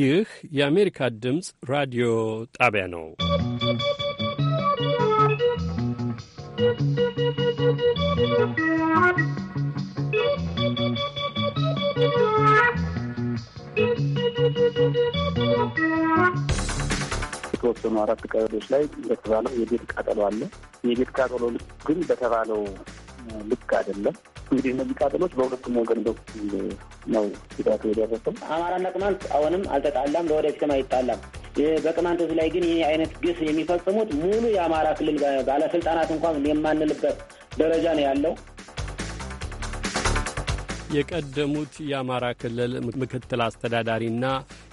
ይህ የአሜሪካ ድምፅ ራዲዮ ጣቢያ ነው። የተወሰኑ አራት ቀበሌዎች ላይ በተባለው የቤት ቃጠሎ አለ። የቤት ቃጠሎ ልክ ግን በተባለው ልክ አይደለም። እንግዲህ እነዚህ ቃጠሎች በሁለቱም ወገን በኩል ነው ጉዳቱ የደረሰው። አማራና ቅማንት አሁንም አልተጣላም፣ ለወደፊትም አይጣላም። በቅማንቶች ላይ ግን ይህ አይነት ግስ የሚፈጽሙት ሙሉ የአማራ ክልል ባለስልጣናት እንኳን የማንልበት ደረጃ ነው ያለው። የቀደሙት የአማራ ክልል ምክትል አስተዳዳሪና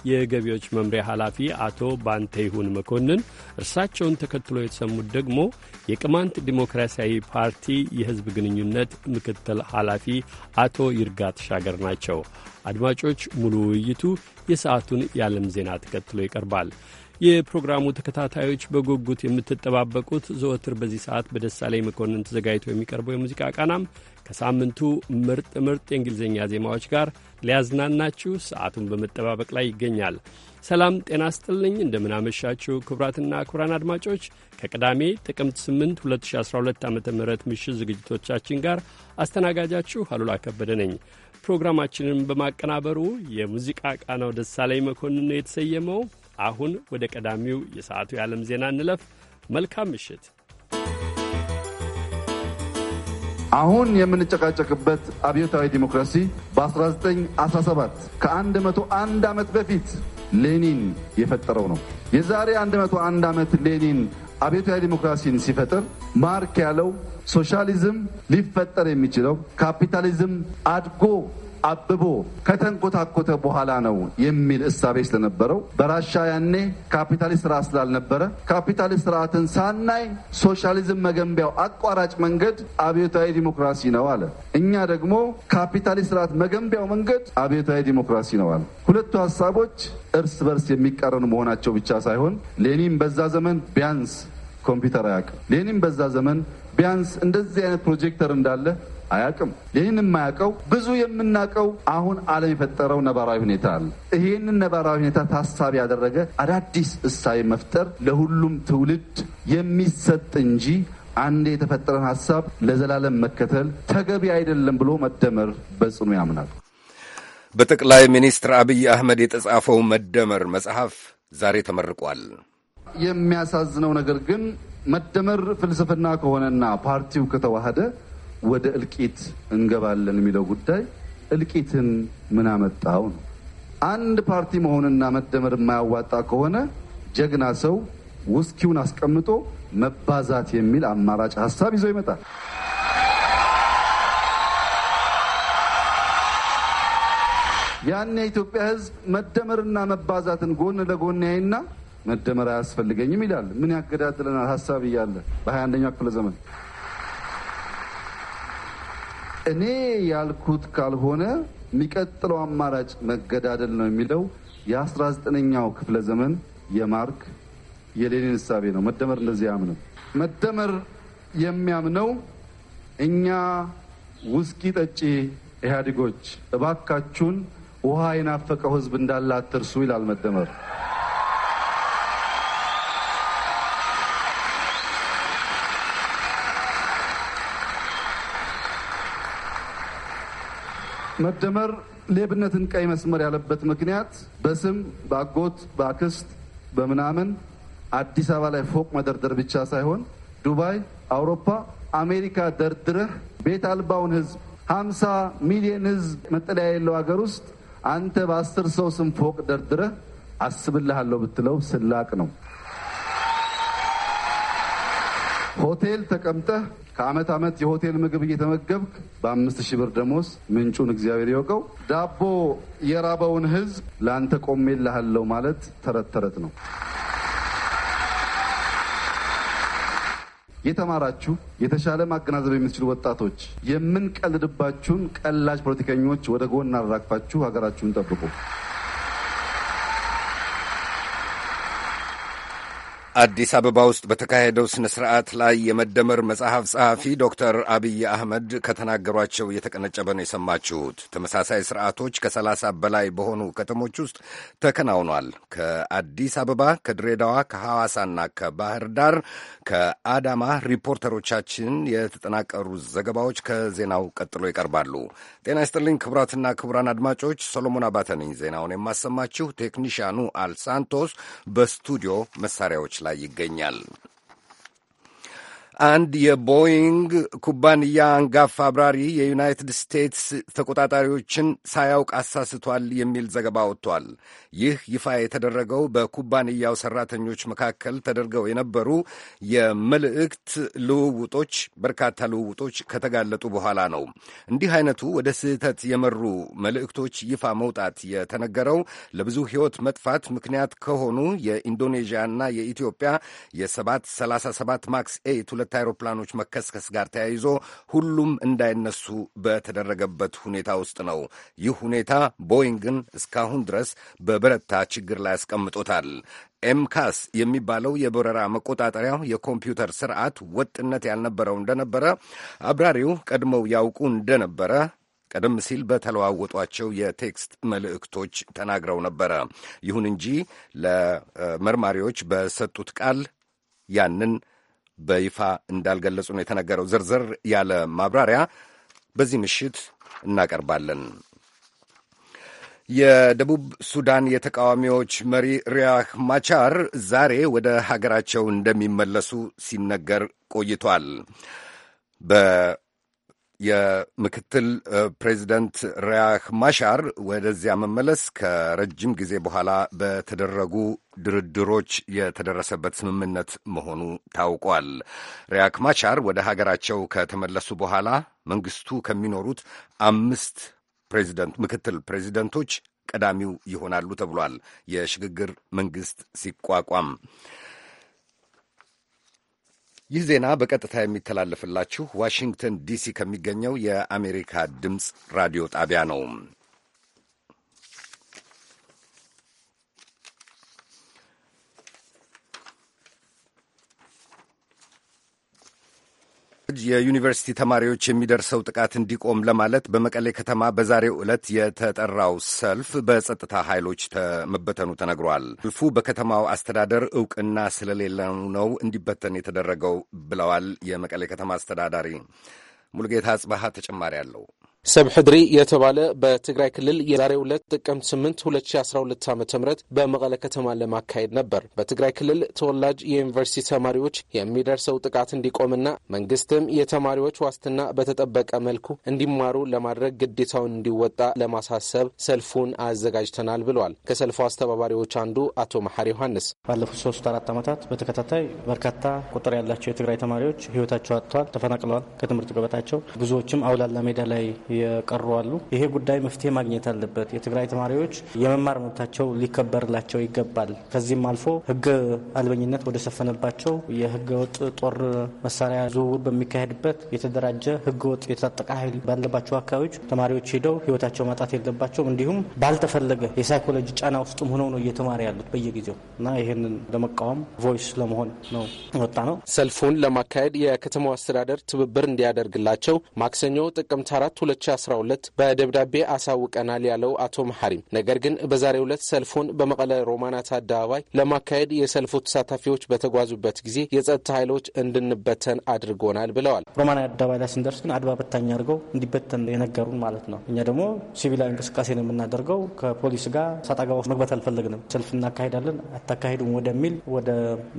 የገቢዎች መምሪያ ኃላፊ አቶ ባንተይሁን መኮንን፣ እርሳቸውን ተከትሎ የተሰሙት ደግሞ የቅማንት ዲሞክራሲያዊ ፓርቲ የህዝብ ግንኙነት ምክትል ኃላፊ አቶ ይርጋ ተሻገር ናቸው። አድማጮች፣ ሙሉ ውይይቱ የሰዓቱን የዓለም ዜና ተከትሎ ይቀርባል። የፕሮግራሙ ተከታታዮች በጉጉት የምትጠባበቁት ዘወትር በዚህ ሰዓት በደሳለኝ መኮንን ተዘጋጅቶ የሚቀርበው የሙዚቃ ቃናም ከሳምንቱ ምርጥ ምርጥ የእንግሊዝኛ ዜማዎች ጋር ሊያዝናናችሁ ሰዓቱን በመጠባበቅ ላይ ይገኛል። ሰላም ጤና ስጥልኝ። እንደምናመሻችሁ ክቡራትና ክቡራን አድማጮች ከቅዳሜ ጥቅምት 8 2012 ዓ ም ምሽት ዝግጅቶቻችን ጋር አስተናጋጃችሁ አሉላ ከበደ ነኝ። ፕሮግራማችንን በማቀናበሩ የሙዚቃ ቃናው ደሳለኝ መኮንን ነው የተሰየመው። አሁን ወደ ቀዳሚው የሰዓቱ የዓለም ዜና እንለፍ። መልካም ምሽት። አሁን የምንጨቃጨቅበት አብዮታዊ ዲሞክራሲ በ1917 ከ101 ዓመት በፊት ሌኒን የፈጠረው ነው። የዛሬ 101 ዓመት ሌኒን አብዮታዊ ዲሞክራሲን ሲፈጥር ማርክ ያለው ሶሻሊዝም ሊፈጠር የሚችለው ካፒታሊዝም አድጎ አብቦ ከተንኮታኮተ በኋላ ነው የሚል እሳቤ ስለነበረው በራሻ ያኔ ካፒታሊስት ስርዓት ስላልነበረ ካፒታሊስት ስርዓትን ሳናይ ሶሻሊዝም መገንቢያው አቋራጭ መንገድ አብዮታዊ ዲሞክራሲ ነው አለ። እኛ ደግሞ ካፒታሊስት ስርዓት መገንቢያው መንገድ አብዮታዊ ዲሞክራሲ ነው አለ። ሁለቱ ሀሳቦች እርስ በርስ የሚቃረኑ መሆናቸው ብቻ ሳይሆን ሌኒን በዛ ዘመን ቢያንስ ኮምፒውተር አያውቅም። ሌኒን በዛ ዘመን ቢያንስ እንደዚህ አይነት ፕሮጀክተር እንዳለ አያውቅም። ይህን የማያውቀው ብዙ የምናውቀው አሁን ዓለም የፈጠረው ነባራዊ ሁኔታ አለ። ይህንን ነባራዊ ሁኔታ ታሳቢ ያደረገ አዳዲስ እሳቤ መፍጠር ለሁሉም ትውልድ የሚሰጥ እንጂ አንዴ የተፈጠረን ሀሳብ ለዘላለም መከተል ተገቢ አይደለም ብሎ መደመር በጽኑ ያምናል። በጠቅላይ ሚኒስትር አብይ አህመድ የተጻፈው መደመር መጽሐፍ ዛሬ ተመርቋል። የሚያሳዝነው ነገር ግን መደመር ፍልስፍና ከሆነና ፓርቲው ከተዋሃደ ወደ እልቂት እንገባለን የሚለው ጉዳይ እልቂትን ምን አመጣው ነው። አንድ ፓርቲ መሆንና መደመር የማያዋጣ ከሆነ ጀግና ሰው ውስኪውን አስቀምጦ መባዛት የሚል አማራጭ ሀሳብ ይዞ ይመጣል። ያን የኢትዮጵያ ሕዝብ መደመርና መባዛትን ጎን ለጎን ያይና መደመር አያስፈልገኝም ይላል። ምን ያገዳድለናል? ሀሳብ እያለ በሀያ አንደኛው ክፍለ ዘመን እኔ ያልኩት ካልሆነ የሚቀጥለው አማራጭ መገዳደል ነው የሚለው የአስራ ዘጠነኛው ክፍለ ዘመን የማርክ የሌኒን እሳቤ ነው። መደመር እንደዚህ ያምነው። መደመር የሚያምነው እኛ ውስኪ ጠጪ ኢህአዴጎች እባካችሁን ውሃ የናፈቀው ህዝብ እንዳለ አትርሱ ይላል መደመር። መደመር ሌብነትን ቀይ መስመር ያለበት ምክንያት በስም በአጎት በአክስት በምናምን አዲስ አበባ ላይ ፎቅ መደርደር ብቻ ሳይሆን ዱባይ፣ አውሮፓ፣ አሜሪካ ደርድረህ ቤት አልባውን ህዝብ ሀምሳ ሚሊዮን ህዝብ መጠለያ የለው ሀገር ውስጥ አንተ በአስር ሰው ስም ፎቅ ደርድረህ አስብልሃለሁ ብትለው ስላቅ ነው። ሆቴል ተቀምጠህ ከአመት አመት የሆቴል ምግብ እየተመገብክ በአምስት ሺህ ብር ደሞዝ ምንጩን እግዚአብሔር ይወቀው ዳቦ የራበውን ህዝብ ለአንተ ቆሜልሃለሁ ማለት ተረት ተረት ነው። የተማራችሁ የተሻለ ማገናዘብ የምትችሉ ወጣቶች የምንቀልድባችሁን ቀላጅ ፖለቲከኞች ወደ ጎን አራግፋችሁ ሀገራችሁን ጠብቁ። አዲስ አበባ ውስጥ በተካሄደው ስነ ስርዓት ላይ የመደመር መጽሐፍ ጸሐፊ ዶክተር አብይ አህመድ ከተናገሯቸው የተቀነጨበ ነው የሰማችሁት። ተመሳሳይ ስርዓቶች ከሰላሳ በላይ በሆኑ ከተሞች ውስጥ ተከናውኗል። ከአዲስ አበባ፣ ከድሬዳዋ፣ ከሐዋሳና ከባህር ዳር ከአዳማ ሪፖርተሮቻችን የተጠናቀሩ ዘገባዎች ከዜናው ቀጥሎ ይቀርባሉ። ጤና ይስጥልኝ ክቡራትና ክቡራን አድማጮች፣ ሰሎሞን አባተ ነኝ ዜናውን የማሰማችሁ። ቴክኒሽያኑ አልሳንቶስ በስቱዲዮ መሳሪያዎች ላይ ላይ ይገኛል። አንድ የቦይንግ ኩባንያ አንጋፋ አብራሪ የዩናይትድ ስቴትስ ተቆጣጣሪዎችን ሳያውቅ አሳስቷል የሚል ዘገባ ወጥቷል። ይህ ይፋ የተደረገው በኩባንያው ሰራተኞች መካከል ተደርገው የነበሩ የመልእክት ልውውጦች፣ በርካታ ልውውጦች ከተጋለጡ በኋላ ነው። እንዲህ አይነቱ ወደ ስህተት የመሩ መልእክቶች ይፋ መውጣት የተነገረው ለብዙ ሕይወት መጥፋት ምክንያት ከሆኑ የኢንዶኔዥያና የኢትዮጵያ የ737 ማክስ ኤይት ሁለት አይሮፕላኖች መከስከስ ጋር ተያይዞ ሁሉም እንዳይነሱ በተደረገበት ሁኔታ ውስጥ ነው። ይህ ሁኔታ ቦይንግን እስካሁን ድረስ በበረታ ችግር ላይ አስቀምጦታል። ኤምካስ የሚባለው የበረራ መቆጣጠሪያው የኮምፒውተር ስርዓት ወጥነት ያልነበረው እንደነበረ አብራሪው ቀድመው ያውቁ እንደነበረ ቀደም ሲል በተለዋወጧቸው የቴክስት መልእክቶች ተናግረው ነበረ። ይሁን እንጂ ለመርማሪዎች በሰጡት ቃል ያንን በይፋ እንዳልገለጹ ነው የተነገረው። ዝርዝር ያለ ማብራሪያ በዚህ ምሽት እናቀርባለን። የደቡብ ሱዳን የተቃዋሚዎች መሪ ሪያህ ማቻር ዛሬ ወደ ሀገራቸው እንደሚመለሱ ሲነገር ቆይቷል። የምክትል ፕሬዚደንት ሪያህ ማሻር ወደዚያ መመለስ ከረጅም ጊዜ በኋላ በተደረጉ ድርድሮች የተደረሰበት ስምምነት መሆኑ ታውቋል። ሪያክ ማቻር ወደ ሀገራቸው ከተመለሱ በኋላ መንግስቱ ከሚኖሩት አምስት ፕሬዚደንት ምክትል ፕሬዚደንቶች ቀዳሚው ይሆናሉ ተብሏል። የሽግግር መንግስት ሲቋቋም ይህ ዜና በቀጥታ የሚተላለፍላችሁ ዋሽንግተን ዲሲ ከሚገኘው የአሜሪካ ድምፅ ራዲዮ ጣቢያ ነው። የዩኒቨርሲቲ ተማሪዎች የሚደርሰው ጥቃት እንዲቆም ለማለት በመቀሌ ከተማ በዛሬው ዕለት የተጠራው ሰልፍ በጸጥታ ኃይሎች መበተኑ ተነግሯል። ሰልፉ በከተማው አስተዳደር እውቅና ስለሌለው ነው እንዲበተን የተደረገው ብለዋል የመቀሌ ከተማ አስተዳዳሪ ሙልጌታ አጽባሃ ተጨማሪ አለው። ሰብ ሕድሪ የተባለ በትግራይ ክልል የዛሬ ሁለት ጥቅምት 8 2012 ዓ ም በመቀለ ከተማ ለማካሄድ ነበር። በትግራይ ክልል ተወላጅ የዩኒቨርሲቲ ተማሪዎች የሚደርሰው ጥቃት እንዲቆምና መንግስትም የተማሪዎች ዋስትና በተጠበቀ መልኩ እንዲማሩ ለማድረግ ግዴታውን እንዲወጣ ለማሳሰብ ሰልፉን አዘጋጅተናል ብለዋል። ከሰልፉ አስተባባሪዎች አንዱ አቶ መሐር ዮሐንስ ባለፉት ሶስት አራት ዓመታት በተከታታይ በርካታ ቁጥር ያላቸው የትግራይ ተማሪዎች ህይወታቸው አጥተዋል፣ ተፈናቅለዋል ከትምህርት ገበታቸው ብዙዎችም አውላላ ሜዳ ላይ የቀሩ አሉ። ይሄ ጉዳይ መፍትሄ ማግኘት አለበት። የትግራይ ተማሪዎች የመማር መብታቸው ሊከበርላቸው ይገባል። ከዚህም አልፎ ህግ አልበኝነት ወደ ሰፈነባቸው የህገ ወጥ ጦር መሳሪያ ዝውውር በሚካሄድበት የተደራጀ ህገ ወጥ የታጠቀ ኃይል ባለባቸው አካባቢዎች ተማሪዎች ሄደው ህይወታቸው ማጣት የለባቸውም። እንዲሁም ባልተፈለገ የሳይኮሎጂ ጫና ውስጥም ሆነው ነው እየተማሪ ያሉት በየጊዜው እና ይህንን ለመቃወም ቮይስ ለመሆን ነው ወጣ ነው። ሰልፉን ለማካሄድ የከተማው አስተዳደር ትብብር እንዲያደርግላቸው ማክሰኞ ጥቅምት አራት 2012 በደብዳቤ አሳውቀናል ያለው አቶ መሐሪም ነገር ግን በዛሬው ዕለት ሰልፉን በመቀለ ሮማናት አደባባይ ለማካሄድ የሰልፉ ተሳታፊዎች በተጓዙበት ጊዜ የጸጥታ ኃይሎች እንድንበተን አድርጎናል ብለዋል። ሮማና አደባባይ ላይ ስንደርስ ግን አድባ በታኝ አድርገው እንዲበተን የነገሩን ማለት ነው። እኛ ደግሞ ሲቪላዊ እንቅስቃሴ ነው የምናደርገው። ከፖሊስ ጋር ሰጣ ውስጥ መግባት አልፈለግንም። ሰልፍ እናካሄዳለን አታካሄዱም ወደሚል ወደ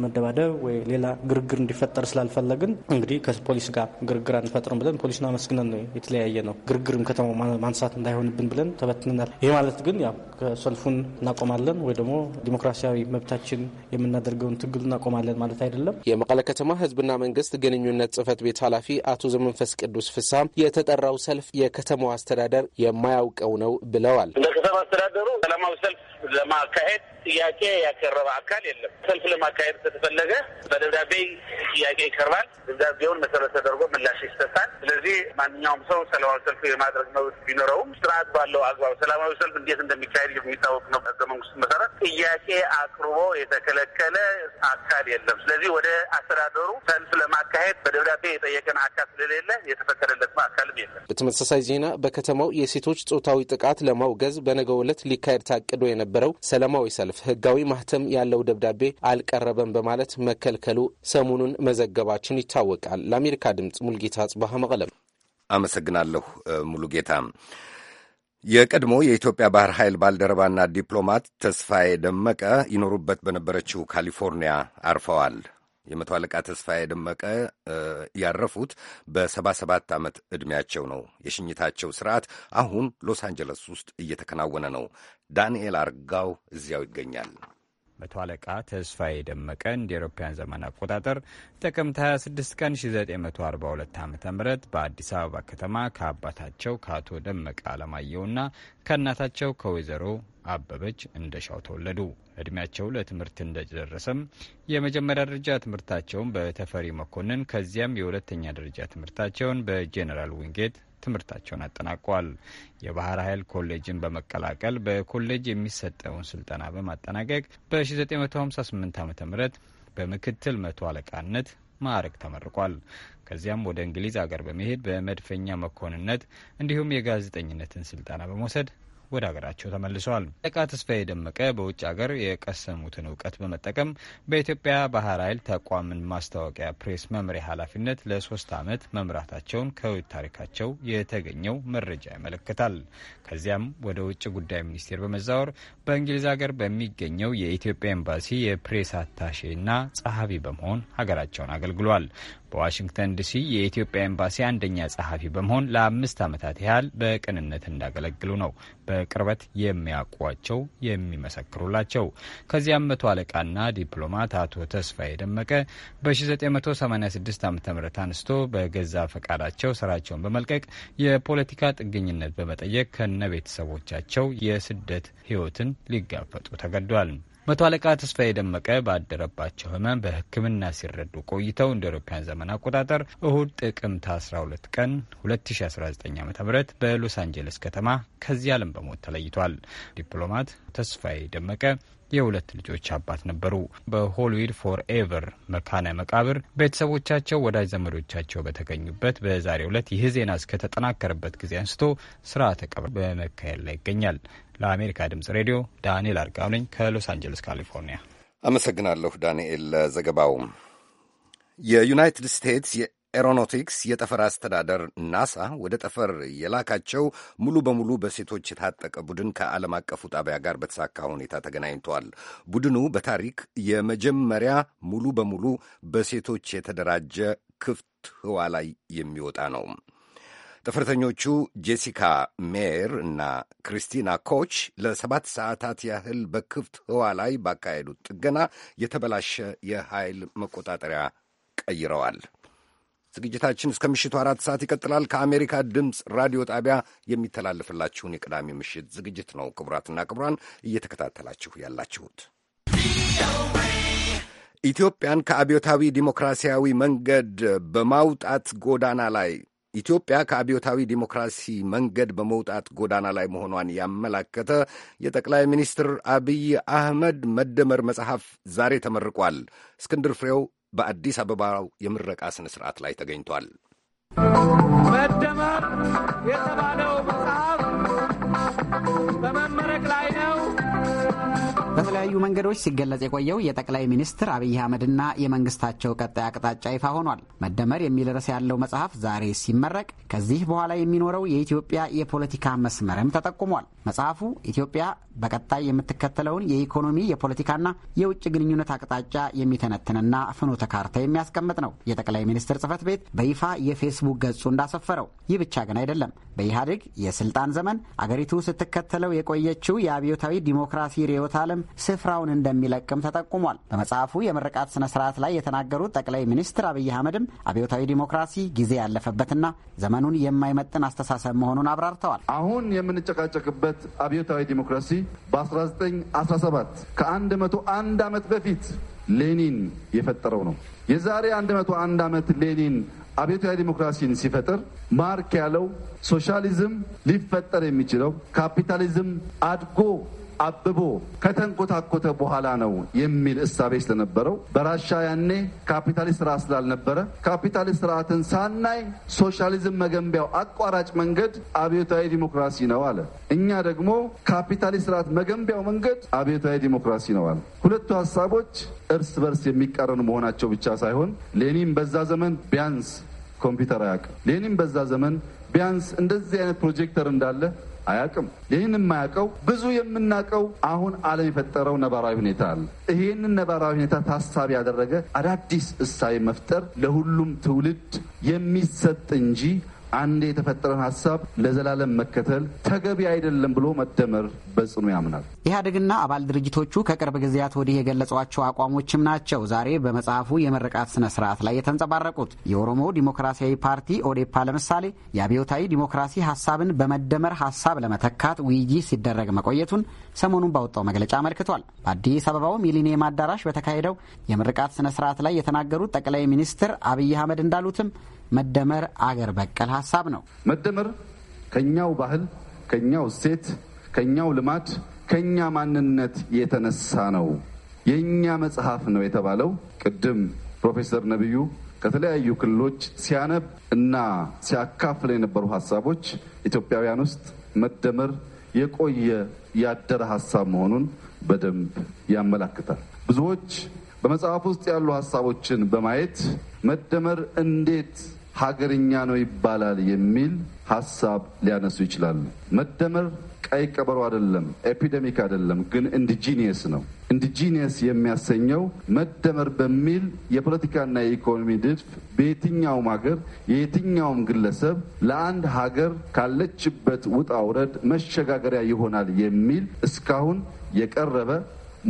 መደባደብ ወይ ሌላ ግርግር እንዲፈጠር ስላልፈለግን እንግዲህ ከፖሊስ ጋር ግርግር አንፈጥርም ብለን ፖሊስን አመስግነን ነው የተለያየ ነው። ግርግርም ከተማ ማንሳት እንዳይሆንብን ብለን ተበትንናል። ይህ ማለት ግን ሰልፉን እናቆማለን ወይ ደግሞ ዲሞክራሲያዊ መብታችን የምናደርገውን ትግል እናቆማለን ማለት አይደለም። የመቀለ ከተማ ህዝብና መንግስት ግንኙነት ጽህፈት ቤት ኃላፊ አቶ ዘመንፈስ ቅዱስ ፍሳም የተጠራው ሰልፍ የከተማው አስተዳደር የማያውቀው ነው ብለዋል። እንደ ከተማ አስተዳደሩ ሰላማዊ ሰልፍ ለማካሄድ ጥያቄ ያቀረበ አካል የለም። ሰልፍ ለማካሄድ ከተፈለገ በደብዳቤ ጥያቄ ይቀርባል። ደብዳቤውን መሰረት ተደርጎ ምላሽ ይሰጣል። ስለዚህ ማንኛውም ሰው ሰላማዊ ሰልፍ ሰልፍ የማድረግ መብት ቢኖረውም ስርዓት ባለው አግባብ ሰላማዊ ሰልፍ እንዴት እንደሚካሄድ የሚታወቅ ነው። ህገ መንግስቱ መሰረት ጥያቄ አቅርቦ የተከለከለ አካል የለም። ስለዚህ ወደ አስተዳደሩ ሰልፍ ለማካሄድ በደብዳቤ የጠየቀን አካል ስለሌለ የተፈቀደለት አካልም የለም። በተመሳሳይ ዜና በከተማው የሴቶች ጾታዊ ጥቃት ለማውገዝ በነገው ዕለት ሊካሄድ ታቅዶ የነበረው ሰላማዊ ሰልፍ ህጋዊ ማህተም ያለው ደብዳቤ አልቀረበም በማለት መከልከሉ ሰሞኑን መዘገባችን ይታወቃል። ለአሜሪካ ድምጽ ሙልጌታ ጽባሀ መቀለም አመሰግናለሁ ሙሉ ጌታ። የቀድሞ የኢትዮጵያ ባህር ኃይል ባልደረባና ዲፕሎማት ተስፋዬ ደመቀ ይኖሩበት በነበረችው ካሊፎርኒያ አርፈዋል። የመቶ አለቃ ተስፋዬ ደመቀ ያረፉት በሰባ ሰባት ዓመት ዕድሜያቸው ነው። የሽኝታቸው ስርዓት አሁን ሎስ አንጀለስ ውስጥ እየተከናወነ ነው። ዳንኤል አርጋው እዚያው ይገኛል። መቶ አለቃ ተስፋዬ ደመቀ እንደ ኤሮፓያን ዘመን አቆጣጠር ጥቅምት 26 ቀን 1942 ዓ ም በአዲስ አበባ ከተማ ከአባታቸው ከአቶ ደመቀ አለማየሁና ከእናታቸው ከወይዘሮ አበበች እንደሻው ተወለዱ። እድሜያቸው ለትምህርት እንደደረሰም የመጀመሪያ ደረጃ ትምህርታቸውን በተፈሪ መኮንን ከዚያም የሁለተኛ ደረጃ ትምህርታቸውን በጄኔራል ዊንጌት ትምህርታቸውን አጠናቀዋል። የባህር ኃይል ኮሌጅን በመቀላቀል በኮሌጅ የሚሰጠውን ስልጠና በማጠናቀቅ በ1958 ዓ ም በምክትል መቶ አለቃነት ማዕረግ ተመርቋል። ከዚያም ወደ እንግሊዝ አገር በመሄድ በመድፈኛ መኮንነት እንዲሁም የጋዜጠኝነትን ስልጠና በመውሰድ ወደ ሀገራቸው ተመልሰዋል። ጠቃ ተስፋዬ ደመቀ በውጭ ሀገር የቀሰሙትን እውቀት በመጠቀም በኢትዮጵያ ባህር ኃይል ተቋምን ማስታወቂያ ፕሬስ መምሪያ ኃላፊነት ለሶስት ዓመት መምራታቸውን ከውጭ ታሪካቸው የተገኘው መረጃ ያመለክታል። ከዚያም ወደ ውጭ ጉዳይ ሚኒስቴር በመዛወር በእንግሊዝ ሀገር በሚገኘው የኢትዮጵያ ኤምባሲ የፕሬስ አታሼና ጸሐፊ በመሆን ሀገራቸውን አገልግሏል። በዋሽንግተን ዲሲ የኢትዮጵያ ኤምባሲ አንደኛ ጸሐፊ በመሆን ለአምስት ዓመታት ያህል በቅንነት እንዳገለግሉ ነው በቅርበት የሚያውቋቸው የሚመሰክሩላቸው። ከዚያም መቶ አለቃና ዲፕሎማት አቶ ተስፋዬ ደመቀ በ1986 ዓ ም አንስቶ በገዛ ፈቃዳቸው ስራቸውን በመልቀቅ የፖለቲካ ጥገኝነት በመጠየቅ ከነ ቤተሰቦቻቸው የስደት ህይወትን ሊጋፈጡ ተገዷል። መቶ አለቃ ተስፋዬ ደመቀ ባደረባቸው ህመም በሕክምና ሲረዱ ቆይተው እንደ አውሮፓውያን ዘመን አቆጣጠር እሁድ ጥቅምት 12 ቀን 2019 ዓ ም በሎስ አንጀለስ ከተማ ከዚህ ዓለም በሞት ተለይቷል። ዲፕሎማት ተስፋዬ ደመቀ የሁለት ልጆች አባት ነበሩ። በሆሊውድ ፎር ኤቨር መካነ መቃብር ቤተሰቦቻቸው፣ ወዳጅ ዘመዶቻቸው በተገኙበት በዛሬው ዕለት ይህ ዜና እስከተጠናከረበት ጊዜ አንስቶ ስርዓተ ቀብር በመካሄድ ላይ ይገኛል። ለአሜሪካ ድምጽ ሬዲዮ ዳንኤል አርጋው ነኝ ከሎስ አንጀለስ ካሊፎርኒያ። አመሰግናለሁ ዳንኤል ለዘገባው። የዩናይትድ ስቴትስ ኤሮኖቲክስ የጠፈር አስተዳደር ናሳ ወደ ጠፈር የላካቸው ሙሉ በሙሉ በሴቶች የታጠቀ ቡድን ከዓለም አቀፉ ጣቢያ ጋር በተሳካ ሁኔታ ተገናኝቷል። ቡድኑ በታሪክ የመጀመሪያ ሙሉ በሙሉ በሴቶች የተደራጀ ክፍት ህዋ ላይ የሚወጣ ነው። ጠፈርተኞቹ ጄሲካ ሜየር እና ክሪስቲና ኮች ለሰባት ሰዓታት ያህል በክፍት ህዋ ላይ ባካሄዱት ጥገና የተበላሸ የኃይል መቆጣጠሪያ ቀይረዋል። ዝግጅታችን እስከ ምሽቱ አራት ሰዓት ይቀጥላል። ከአሜሪካ ድምፅ ራዲዮ ጣቢያ የሚተላለፍላችሁን የቅዳሜ ምሽት ዝግጅት ነው ክቡራትና ክቡራን እየተከታተላችሁ ያላችሁት። ኢትዮጵያን ከአብዮታዊ ዲሞክራሲያዊ መንገድ በማውጣት ጎዳና ላይ ኢትዮጵያ ከአብዮታዊ ዲሞክራሲ መንገድ በመውጣት ጎዳና ላይ መሆኗን ያመላከተ የጠቅላይ ሚኒስትር አብይ አህመድ መደመር መጽሐፍ ዛሬ ተመርቋል። እስክንድር ፍሬው በአዲስ አበባው የምረቃ ስነ ስርዓት ላይ ተገኝቷል። መደመር የተባለው መጽሐፍ በተለያዩ መንገዶች ሲገለጽ የቆየው የጠቅላይ ሚኒስትር አብይ አህመድና የመንግስታቸው ቀጣይ አቅጣጫ ይፋ ሆኗል። መደመር የሚል ርዕስ ያለው መጽሐፍ ዛሬ ሲመረቅ ከዚህ በኋላ የሚኖረው የኢትዮጵያ የፖለቲካ መስመርም ተጠቁሟል። መጽሐፉ ኢትዮጵያ በቀጣይ የምትከተለውን የኢኮኖሚ የፖለቲካና የውጭ ግንኙነት አቅጣጫ የሚተነትንና ፍኖተ ካርታ የሚያስቀምጥ ነው። የጠቅላይ ሚኒስትር ጽህፈት ቤት በይፋ የፌስቡክ ገጹ እንዳሰፈረው። ይህ ብቻ ግን አይደለም። በኢህአዴግ የስልጣን ዘመን አገሪቱ ስትከተለው የቆየችው የአብዮታዊ ዲሞክራሲ ርዕዮተ ዓለም ስፍራውን እንደሚለቅም ተጠቁሟል። በመጽሐፉ የምርቃት ስነ ስርዓት ላይ የተናገሩት ጠቅላይ ሚኒስትር አብይ አህመድም አብዮታዊ ዲሞክራሲ ጊዜ ያለፈበትና ዘመኑን የማይመጥን አስተሳሰብ መሆኑን አብራርተዋል። አሁን የምንጨቃጨቅበት አብዮታዊ ዲሞክራሲ በ1917 ከ101 ዓመት በፊት ሌኒን የፈጠረው ነው። የዛሬ 101 ዓመት ሌኒን አብዮታዊ ዲሞክራሲን ሲፈጥር ማርክ ያለው ሶሻሊዝም ሊፈጠር የሚችለው ካፒታሊዝም አድጎ አብቦ ከተንኮታኮተ በኋላ ነው የሚል እሳቤ ስለነበረው በራሻ ያኔ ካፒታሊስት ስርዓት ስላልነበረ ካፒታሊስት ስርዓትን ሳናይ ሶሻሊዝም መገንቢያው አቋራጭ መንገድ አብዮታዊ ዲሞክራሲ ነው አለ። እኛ ደግሞ ካፒታሊስት ስርዓት መገንቢያው መንገድ አብዮታዊ ዲሞክራሲ ነው አለ። ሁለቱ ሀሳቦች እርስ በርስ የሚቃረኑ መሆናቸው ብቻ ሳይሆን ሌኒን በዛ ዘመን ቢያንስ ኮምፒውተር አያውቅም። ሌኒን በዛ ዘመን ቢያንስ እንደዚህ አይነት ፕሮጀክተር እንዳለ አያውቅም። ይህን የማያውቀው ብዙ የምናውቀው አሁን ዓለም የፈጠረው ነባራዊ ሁኔታ አለ። ይህንን ነባራዊ ሁኔታ ታሳቢ ያደረገ አዳዲስ እሳቤ መፍጠር ለሁሉም ትውልድ የሚሰጥ እንጂ አንዴ የተፈጠረን ሀሳብ ለዘላለም መከተል ተገቢ አይደለም ብሎ መደመር በጽኑ ያምናል። ኢህአዴግና አባል ድርጅቶቹ ከቅርብ ጊዜያት ወዲህ የገለጿቸው አቋሞችም ናቸው ዛሬ በመጽሐፉ የመረቃት ስነ ስርዓት ላይ የተንጸባረቁት። የኦሮሞ ዲሞክራሲያዊ ፓርቲ ኦዴፓ ለምሳሌ የአብዮታዊ ዲሞክራሲ ሀሳብን በመደመር ሀሳብ ለመተካት ውይይት ሲደረግ መቆየቱን ሰሞኑን ባወጣው መግለጫ አመልክቷል። በአዲስ አበባው ሚሊኒየም አዳራሽ በተካሄደው የምርቃት ስነ ስርዓት ላይ የተናገሩት ጠቅላይ ሚኒስትር አብይ አህመድ እንዳሉትም መደመር አገር በቀል ሀሳብ ነው። መደመር ከኛው ባህል፣ ከኛው እሴት፣ ከኛው ልማድ፣ ከኛ ማንነት የተነሳ ነው የእኛ መጽሐፍ ነው የተባለው ቅድም ፕሮፌሰር ነቢዩ ከተለያዩ ክልሎች ሲያነብ እና ሲያካፍል የነበሩ ሀሳቦች ኢትዮጵያውያን ውስጥ መደመር የቆየ ያደረ ሀሳብ መሆኑን በደንብ ያመላክታል። ብዙዎች በመጽሐፍ ውስጥ ያሉ ሀሳቦችን በማየት መደመር እንዴት ሀገርኛ ነው ይባላል የሚል ሀሳብ ሊያነሱ ይችላሉ። መደመር ቀይ ቀበሮ አይደለም፣ ኤፒደሚክ አይደለም፣ ግን ኢንዲጂኒየስ ነው። ኢንዲጂኒየስ የሚያሰኘው መደመር በሚል የፖለቲካና የኢኮኖሚ ንድፍ በየትኛውም ሀገር የየትኛውም ግለሰብ ለአንድ ሀገር ካለችበት ውጣ ውረድ መሸጋገሪያ ይሆናል የሚል እስካሁን የቀረበ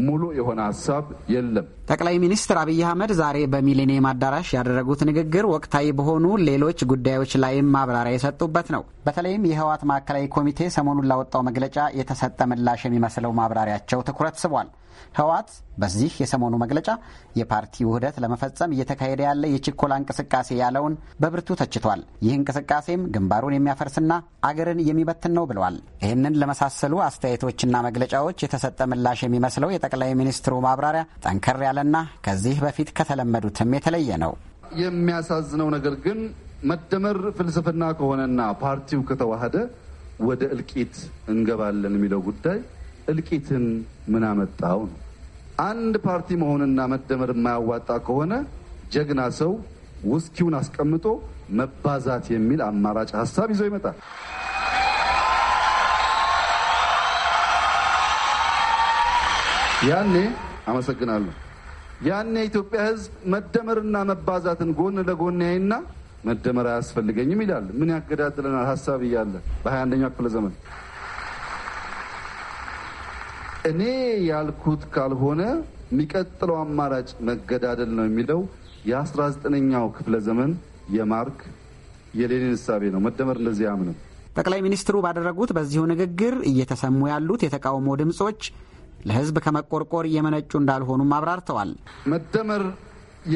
ሙሉ የሆነ ሀሳብ የለም። ጠቅላይ ሚኒስትር አብይ አህመድ ዛሬ በሚሊኒየም አዳራሽ ያደረጉት ንግግር ወቅታዊ በሆኑ ሌሎች ጉዳዮች ላይም ማብራሪያ የሰጡበት ነው። በተለይም የህወሓት ማዕከላዊ ኮሚቴ ሰሞኑን ላወጣው መግለጫ የተሰጠ ምላሽ የሚመስለው ማብራሪያቸው ትኩረት ስቧል። ህወሓት በዚህ የሰሞኑ መግለጫ የፓርቲ ውህደት ለመፈጸም እየተካሄደ ያለ የችኮላ እንቅስቃሴ ያለውን በብርቱ ተችቷል። ይህ እንቅስቃሴም ግንባሩን የሚያፈርስና አገርን የሚበትን ነው ብለዋል። ይህንን ለመሳሰሉ አስተያየቶችና መግለጫዎች የተሰጠ ምላሽ የሚመስለው የጠቅላይ ሚኒስትሩ ማብራሪያ ጠንከር ያለና ከዚህ በፊት ከተለመዱትም የተለየ ነው። የሚያሳዝነው ነገር ግን መደመር ፍልስፍና ከሆነና ፓርቲው ከተዋህደ ወደ እልቂት እንገባለን የሚለው ጉዳይ እልቂትን ምን አመጣው ነው። አንድ ፓርቲ መሆንና መደመር የማያዋጣ ከሆነ ጀግና ሰው ውስኪውን አስቀምጦ መባዛት የሚል አማራጭ ሀሳብ ይዞ ይመጣል። ያኔ አመሰግናለሁ። ያኔ የኢትዮጵያ ሕዝብ መደመርና መባዛትን ጎን ለጎን ያይና መደመር አያስፈልገኝም ይላል። ምን ያገዳድለናል ሀሳብ እያለ በሀያ አንደኛው ክፍለ ዘመን እኔ ያልኩት ካልሆነ የሚቀጥለው አማራጭ መገዳደል ነው የሚለው የ19ኛው ክፍለ ዘመን የማርክ የሌኒን እሳቤ ነው። መደመር እንደዚህ አምንም። ጠቅላይ ሚኒስትሩ ባደረጉት በዚሁ ንግግር እየተሰሙ ያሉት የተቃውሞ ድምፆች ለሕዝብ ከመቆርቆር እየመነጩ እንዳልሆኑም አብራርተዋል። መደመር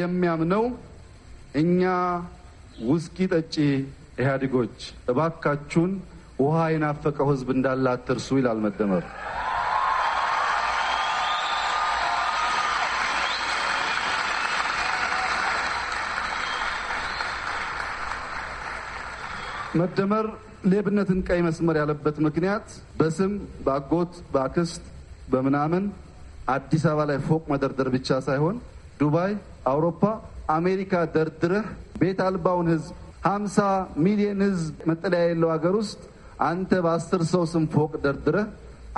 የሚያምነው እኛ ውስኪ ጠጪ ኢህአዴጎች እባካችሁን ውሃ የናፈቀው ሕዝብ እንዳለ አትርሱ ይላል መደመር። መደመር ሌብነትን ቀይ መስመር ያለበት ምክንያት በስም በአጎት በአክስት በምናምን አዲስ አበባ ላይ ፎቅ መደርደር ብቻ ሳይሆን ዱባይ፣ አውሮፓ፣ አሜሪካ ደርድረህ ቤት አልባውን ህዝብ ሀምሳ ሚሊየን ህዝብ መጠለያ የለው ሀገር ውስጥ አንተ በአስር ሰው ስም ፎቅ ደርድረህ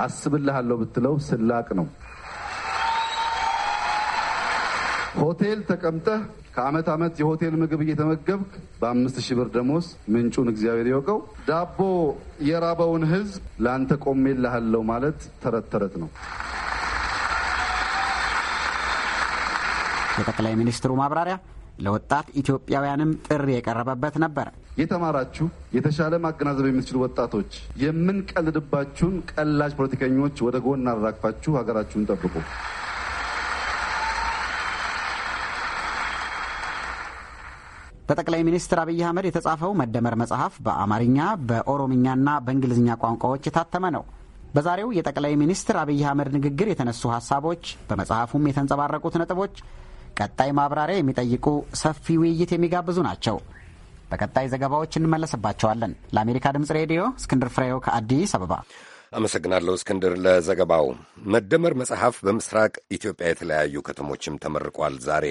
አስብልሃለሁ ብትለው ስላቅ ነው። ሆቴል ተቀምጠህ ከአመት አመት የሆቴል ምግብ እየተመገብክ በአምስት ሺህ ብር ደሞዝ ምንጩን እግዚአብሔር ይወቀው ዳቦ የራበውን ህዝብ ለአንተ ቆሜልሃለሁ ማለት ተረት ተረት ነው። የጠቅላይ ሚኒስትሩ ማብራሪያ ለወጣት ኢትዮጵያውያንም ጥሪ የቀረበበት ነበር። የተማራችሁ የተሻለ ማገናዘብ የምትችሉ ወጣቶች የምንቀልድባችሁን ቀላጅ ፖለቲከኞች ወደ ጎን አራግፋችሁ ሀገራችሁን ጠብቁ። በጠቅላይ ሚኒስትር አብይ አህመድ የተጻፈው መደመር መጽሐፍ በአማርኛ በኦሮምኛና በእንግሊዝኛ ቋንቋዎች የታተመ ነው። በዛሬው የጠቅላይ ሚኒስትር አብይ አህመድ ንግግር የተነሱ ሀሳቦች፣ በመጽሐፉም የተንጸባረቁት ነጥቦች ቀጣይ ማብራሪያ የሚጠይቁ ሰፊ ውይይት የሚጋብዙ ናቸው። በቀጣይ ዘገባዎች እንመለስባቸዋለን። ለአሜሪካ ድምፅ ሬዲዮ እስክንድር ፍሬው ከአዲስ አበባ አመሰግናለሁ። እስክንድር ለዘገባው። መደመር መጽሐፍ በምስራቅ ኢትዮጵያ የተለያዩ ከተሞችም ተመርቋል ዛሬ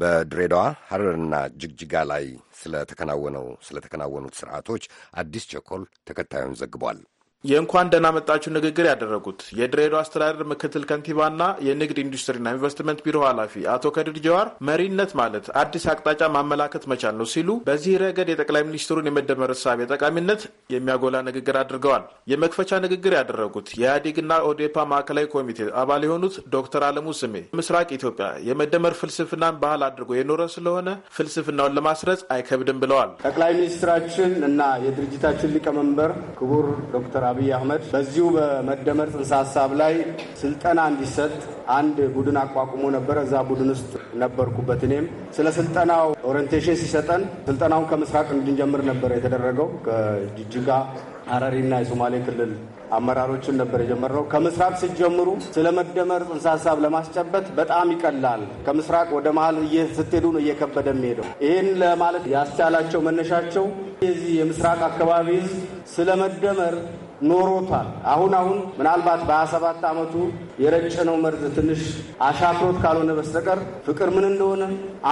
በድሬዳዋ ሐረርና ጅግጅጋ ላይ ስለተከናወኑት ስርዓቶች አዲስ ቸኮል ተከታዩን ዘግቧል። የእንኳን ደህና መጣችሁ ንግግር ያደረጉት የድሬዳዋ አስተዳደር ምክትል ከንቲባና የንግድ ኢንዱስትሪና ኢንቨስትመንት ቢሮ ኃላፊ አቶ ከድር ጀዋር መሪነት ማለት አዲስ አቅጣጫ ማመላከት መቻል ነው ሲሉ በዚህ ረገድ የጠቅላይ ሚኒስትሩን የመደመር እሳቤ ጠቃሚነት የሚያጎላ ንግግር አድርገዋል። የመክፈቻ ንግግር ያደረጉት የኢህአዴግና ኦዴፓ ማዕከላዊ ኮሚቴ አባል የሆኑት ዶክተር አለሙ ስሜ ምስራቅ ኢትዮጵያ የመደመር ፍልስፍናን ባህል አድርጎ የኖረ ስለሆነ ፍልስፍናውን ለማስረጽ አይከብድም ብለዋል። ጠቅላይ ሚኒስትራችን እና የድርጅታችን ሊቀመንበር ክቡር ዶክተር አብይ አህመድ በዚሁ በመደመር ጽንሰ ሀሳብ ላይ ስልጠና እንዲሰጥ አንድ ቡድን አቋቁሞ ነበር። እዛ ቡድን ውስጥ ነበርኩበት እኔም። ስለ ስልጠናው ኦሪንቴሽን ሲሰጠን ስልጠናውን ከምስራቅ እንድንጀምር ነበር የተደረገው። ከጅጅጋ ሀረሪና የሶማሌ ክልል አመራሮችን ነበር የጀመርነው። ከምስራቅ ስትጀምሩ ስለ መደመር ጽንሰ ሀሳብ ለማስጨበት በጣም ይቀላል። ከምስራቅ ወደ መሀል ስትሄዱ ነው እየከበደ የሚሄደው። ይህን ለማለት ያስቻላቸው መነሻቸው የዚህ የምስራቅ አካባቢ ህዝብ ስለ መደመር ኖሮታል። አሁን አሁን ምናልባት በ27 ዓመቱ የረጨነው መርዝ ትንሽ አሻክሮት ካልሆነ በስተቀር ፍቅር ምን እንደሆነ፣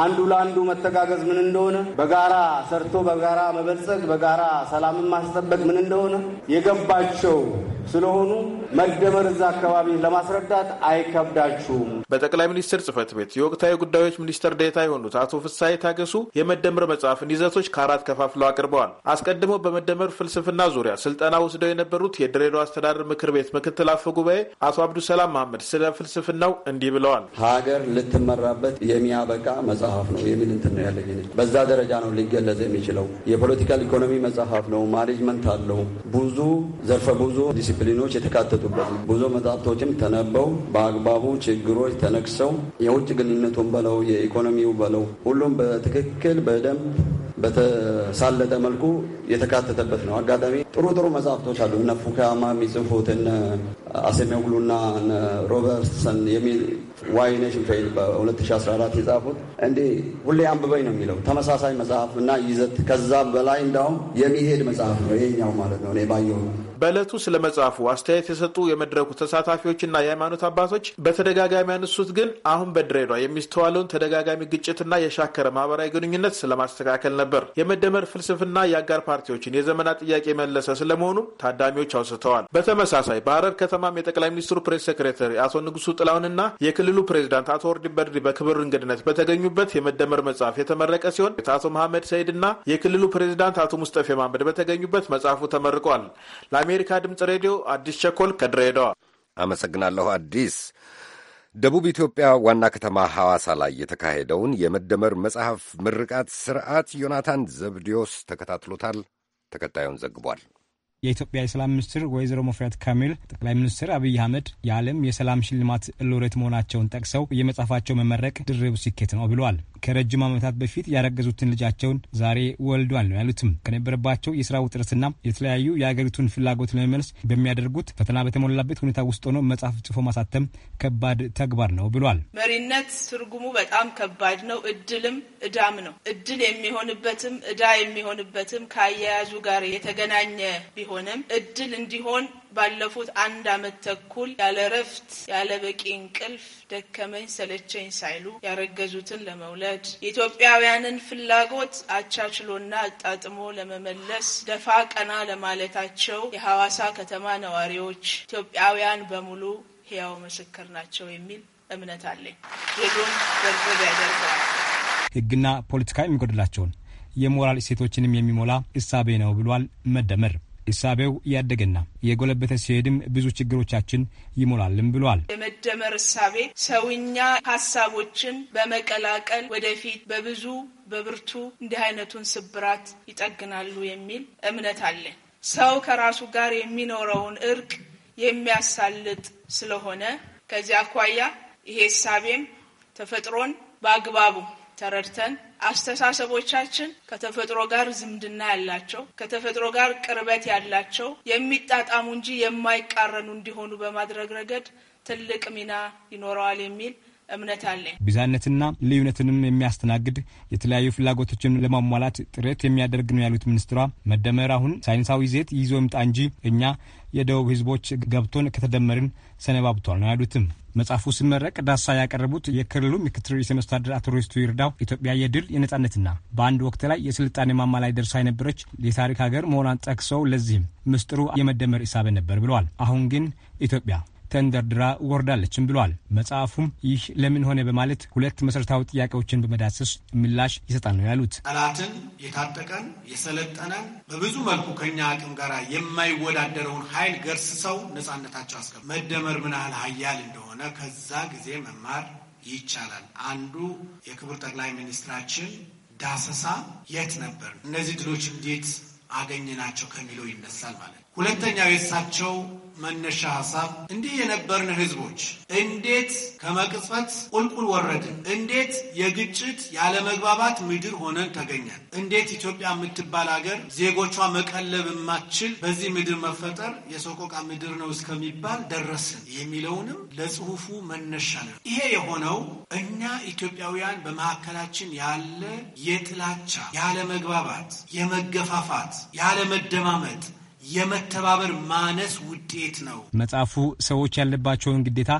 አንዱ ለአንዱ መተጋገዝ ምን እንደሆነ፣ በጋራ ሰርቶ በጋራ መበልጸግ፣ በጋራ ሰላምን ማስጠበቅ ምን እንደሆነ የገባቸው ስለሆኑ መደመር እዛ አካባቢ ለማስረዳት አይከብዳችሁም። በጠቅላይ ሚኒስትር ጽህፈት ቤት የወቅታዊ ጉዳዮች ሚኒስትር ዴታ የሆኑት አቶ ፍሳሐ ታገሱ የመደመር መጽሐፍን ይዘቶች ከአራት ከፋፍለው አቅርበዋል። አስቀድሞ በመደመር ፍልስፍና ዙሪያ ስልጠና ወስደው የነበሩ የነበሩት የድሬዳዋ አስተዳደር ምክር ቤት ምክትል አፈ ጉባኤ አቶ አብዱሰላም መሀመድ ስለ ፍልስፍናው እንዲህ ብለዋል። ሀገር ልትመራበት የሚያበቃ መጽሐፍ ነው የሚል እንትን ነው ያለኝ። በዛ ደረጃ ነው ሊገለጽ የሚችለው። የፖለቲካል ኢኮኖሚ መጽሐፍ ነው። ማኔጅመንት አለው። ብዙ ዘርፈ ብዙ ዲሲፕሊኖች የተካተቱበት ብዙ መጽሐፍቶችም ተነበው በአግባቡ ችግሮች ተነክሰው የውጭ ግንኙነቱን በለው የኢኮኖሚው በለው ሁሉም በትክክል በደንብ በተሳለጠ መልኩ የተካተተበት ነው። አጋጣሚ ጥሩ ጥሩ መጽሐፍቶች አሉ። እነ ፉካማ የሚጽፉት እነ አሴሜ ጉሉና ሮበርትሰን ኔሽን ፌል በ2014 የጻፉት እንዴ ሁሌ አንብበኝ ነው የሚለው ተመሳሳይ መጽሐፍ እና ይዘት ከዛ በላይ እንዳውም የሚሄድ መጽሐፍ ነው ይሄኛው ማለት ነው እኔ ባየው በዕለቱ ስለ መጽሐፉ አስተያየት የሰጡ የመድረኩ ተሳታፊዎችና የሃይማኖት አባቶች በተደጋጋሚ ያነሱት ግን አሁን በድሬዷ የሚስተዋለውን ተደጋጋሚ ግጭትና የሻከረ ማህበራዊ ግንኙነት ስለማስተካከል ነበር። የመደመር ፍልስፍና የአጋር ፓርቲዎችን የዘመናት ጥያቄ መለሰ ስለመሆኑም ታዳሚዎች አውስተዋል። በተመሳሳይ በሐረር ከተማም የጠቅላይ ሚኒስትሩ ፕሬስ ሴክሬታሪ አቶ ንጉሱ ጥላሁንና የክልል የክልሉ ፕሬዚዳንት አቶ ወርድ በድሪ በክብር እንግድነት በተገኙበት የመደመር መጽሐፍ የተመረቀ ሲሆን የአቶ መሐመድ ሰይድ እና የክልሉ ፕሬዚዳንት አቶ ሙስጠፌ መሐመድ በተገኙበት መጽሐፉ ተመርቋል። ለአሜሪካ ድምፅ ሬዲዮ አዲስ ቸኮል ከድሬዳዋ አመሰግናለሁ። አዲስ ደቡብ ኢትዮጵያ ዋና ከተማ ሐዋሳ ላይ የተካሄደውን የመደመር መጽሐፍ ምርቃት ስርዓት ዮናታን ዘብዲዮስ ተከታትሎታል። ተከታዩን ዘግቧል። የኢትዮጵያ የሰላም ሚኒስትር ወይዘሮ ሙፈሪያት ካሚል ጠቅላይ ሚኒስትር አብይ አህመድ የዓለም የሰላም ሽልማት ሎሬት መሆናቸውን ጠቅሰው የመጽሐፋቸው መመረቅ ድርብ ስኬት ነው ብለዋል። ከረጅም ዓመታት በፊት ያረገዙትን ልጃቸውን ዛሬ ወልዷል ነው ያሉትም። ከነበረባቸው የስራ ውጥረትና የተለያዩ የአገሪቱን ፍላጎት ለመመለስ በሚያደርጉት ፈተና በተሞላበት ሁኔታ ውስጥ ሆኖ መጽሐፍ ጽፎ ማሳተም ከባድ ተግባር ነው ብሏል። መሪነት ትርጉሙ በጣም ከባድ ነው። እድልም እዳም ነው። እድል የሚሆንበትም እዳ የሚሆንበትም ከአያያዙ ጋር የተገናኘ ቢሆንም እድል እንዲሆን ባለፉት አንድ አመት ተኩል ያለ እረፍት ያለ በቂ እንቅልፍ ደከመኝ ሰለቸኝ ሳይሉ ያረገዙትን ለመውለድ የኢትዮጵያውያንን ፍላጎት አቻችሎና አጣጥሞ ለመመለስ ደፋ ቀና ለማለታቸው የሐዋሳ ከተማ ነዋሪዎች ኢትዮጵያውያን በሙሉ ሕያው ምስክር ናቸው የሚል እምነት አለኝ። ድሉን ገርገብ ያደርገዋል። ሕግና ፖለቲካ የሚጎድላቸውን የሞራል እሴቶችንም የሚሞላ እሳቤ ነው ብሏል መደመር እሳቤው እያደገና የጎለበተ ሲሄድም ብዙ ችግሮቻችን ይሞላልም ብሏል። የመደመር እሳቤ ሰውኛ ሀሳቦችን በመቀላቀል ወደፊት በብዙ በብርቱ እንዲህ አይነቱን ስብራት ይጠግናሉ የሚል እምነት አለን። ሰው ከራሱ ጋር የሚኖረውን እርቅ የሚያሳልጥ ስለሆነ ከዚያ አኳያ ይሄ እሳቤም ተፈጥሮን በአግባቡ ተረድተን አስተሳሰቦቻችን ከተፈጥሮ ጋር ዝምድና ያላቸው ከተፈጥሮ ጋር ቅርበት ያላቸው የሚጣጣሙ እንጂ የማይቃረኑ እንዲሆኑ በማድረግ ረገድ ትልቅ ሚና ይኖረዋል የሚል እምነት አለኝ። ብዝሃነትና ልዩነትንም የሚያስተናግድ የተለያዩ ፍላጎቶችን ለማሟላት ጥረት የሚያደርግ ነው ያሉት ሚኒስትሯ፣ መደመር አሁን ሳይንሳዊ ዜት ይዞ ይምጣ እንጂ እኛ የደቡብ ሕዝቦች ገብቶን ከተደመርን ሰነባብቷል ነው ያሉትም። መጽሐፉ ሲመረቅ ዳሳ ያቀረቡት የክልሉ ምክትል ርዕሰ መስተዳድር አቶ ሪስቱ ይርዳው ኢትዮጵያ የድል የነጻነትና በአንድ ወቅት ላይ የስልጣኔ ማማ ላይ ደርሳ የነበረች የታሪክ ሀገር መሆኗን ጠቅሰው ለዚህም ምስጢሩ የመደመር ኢሳቤ ነበር ብለዋል። አሁን ግን ኢትዮጵያ ተንደርድራ ወርዳለችም ብሏል። መጽሐፉም ይህ ለምን ሆነ በማለት ሁለት መሠረታዊ ጥያቄዎችን በመዳሰስ ምላሽ ይሰጣል ነው ያሉት። ጠላትን የታጠቀን የሰለጠነን በብዙ መልኩ ከኛ አቅም ጋር የማይወዳደረውን ኃይል ገርስሰው ነጻነታቸው አስከ መደመር ምን ያህል ሀያል እንደሆነ ከዛ ጊዜ መማር ይቻላል። አንዱ የክቡር ጠቅላይ ሚኒስትራችን ዳሰሳ የት ነበር፣ እነዚህ ድሎች እንዴት አገኘናቸው ከሚለው ይነሳል ማለት ነው። ሁለተኛው የእሳቸው መነሻ ሀሳብ እንዲህ የነበርን ህዝቦች እንዴት ከመቅጽበት ቁልቁል ወረድን? እንዴት የግጭት ያለመግባባት ምድር ሆነን ተገኘን? እንዴት ኢትዮጵያ የምትባል ሀገር ዜጎቿ መቀለብ የማትችል በዚህ ምድር መፈጠር የሰቆቃ ምድር ነው እስከሚባል ደረስን የሚለውንም ለጽሁፉ መነሻ ነው። ይሄ የሆነው እኛ ኢትዮጵያውያን በመካከላችን ያለ የጥላቻ ያለመግባባት፣ የመገፋፋት፣ ያለመደማመጥ የመተባበር ማነስ ውጤት ነው። መጽሐፉ ሰዎች ያለባቸውን ግዴታ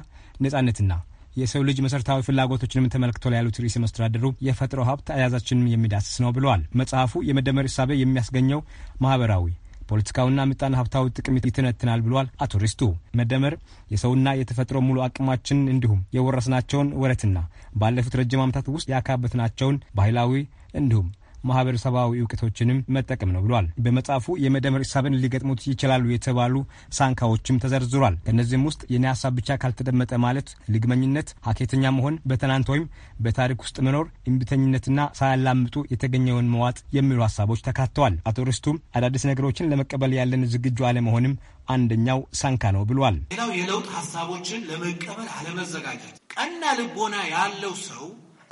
ነጻነትና የሰው ልጅ መሰረታዊ ፍላጎቶችንም ተመልክቶ ላይ ያሉት ርዕሰ መስተዳድሩ የፈጥሮ ሀብት አያዛችንም የሚዳስስ ነው ብለዋል። መጽሐፉ የመደመር እሳቤ የሚያስገኘው ማህበራዊ ፖለቲካውና ምጣኔ ሀብታዊ ጥቅም ይተነትናል ብሏል። አቶ ሪስቱ መደመር የሰውና የተፈጥሮ ሙሉ አቅማችን እንዲሁም የወረስናቸውን ወረትና ባለፉት ረጅም ዓመታት ውስጥ ያካበትናቸውን ባህላዊ እንዲሁም ማህበረሰባዊ እውቀቶችንም መጠቀም ነው ብሏል። በመጽሐፉ የመደመር ሂሳብን ሊገጥሙት ይችላሉ የተባሉ ሳንካዎችም ተዘርዝሯል። ከእነዚህም ውስጥ የኔ ሀሳብ ብቻ ካልተደመጠ ማለት ልግመኝነት፣ ሀኬተኛ መሆን፣ በትናንት ወይም በታሪክ ውስጥ መኖር፣ እምቢተኝነትና ሳያላምጡ የተገኘውን መዋጥ የሚሉ ሀሳቦች ተካተዋል። አቶ ርስቱም አዳዲስ ነገሮችን ለመቀበል ያለን ዝግጁ አለመሆንም አንደኛው ሳንካ ነው ብሏል። ሌላው የለውጥ ሀሳቦችን ለመቀበል አለመዘጋጀት ቀና ልቦና ያለው ሰው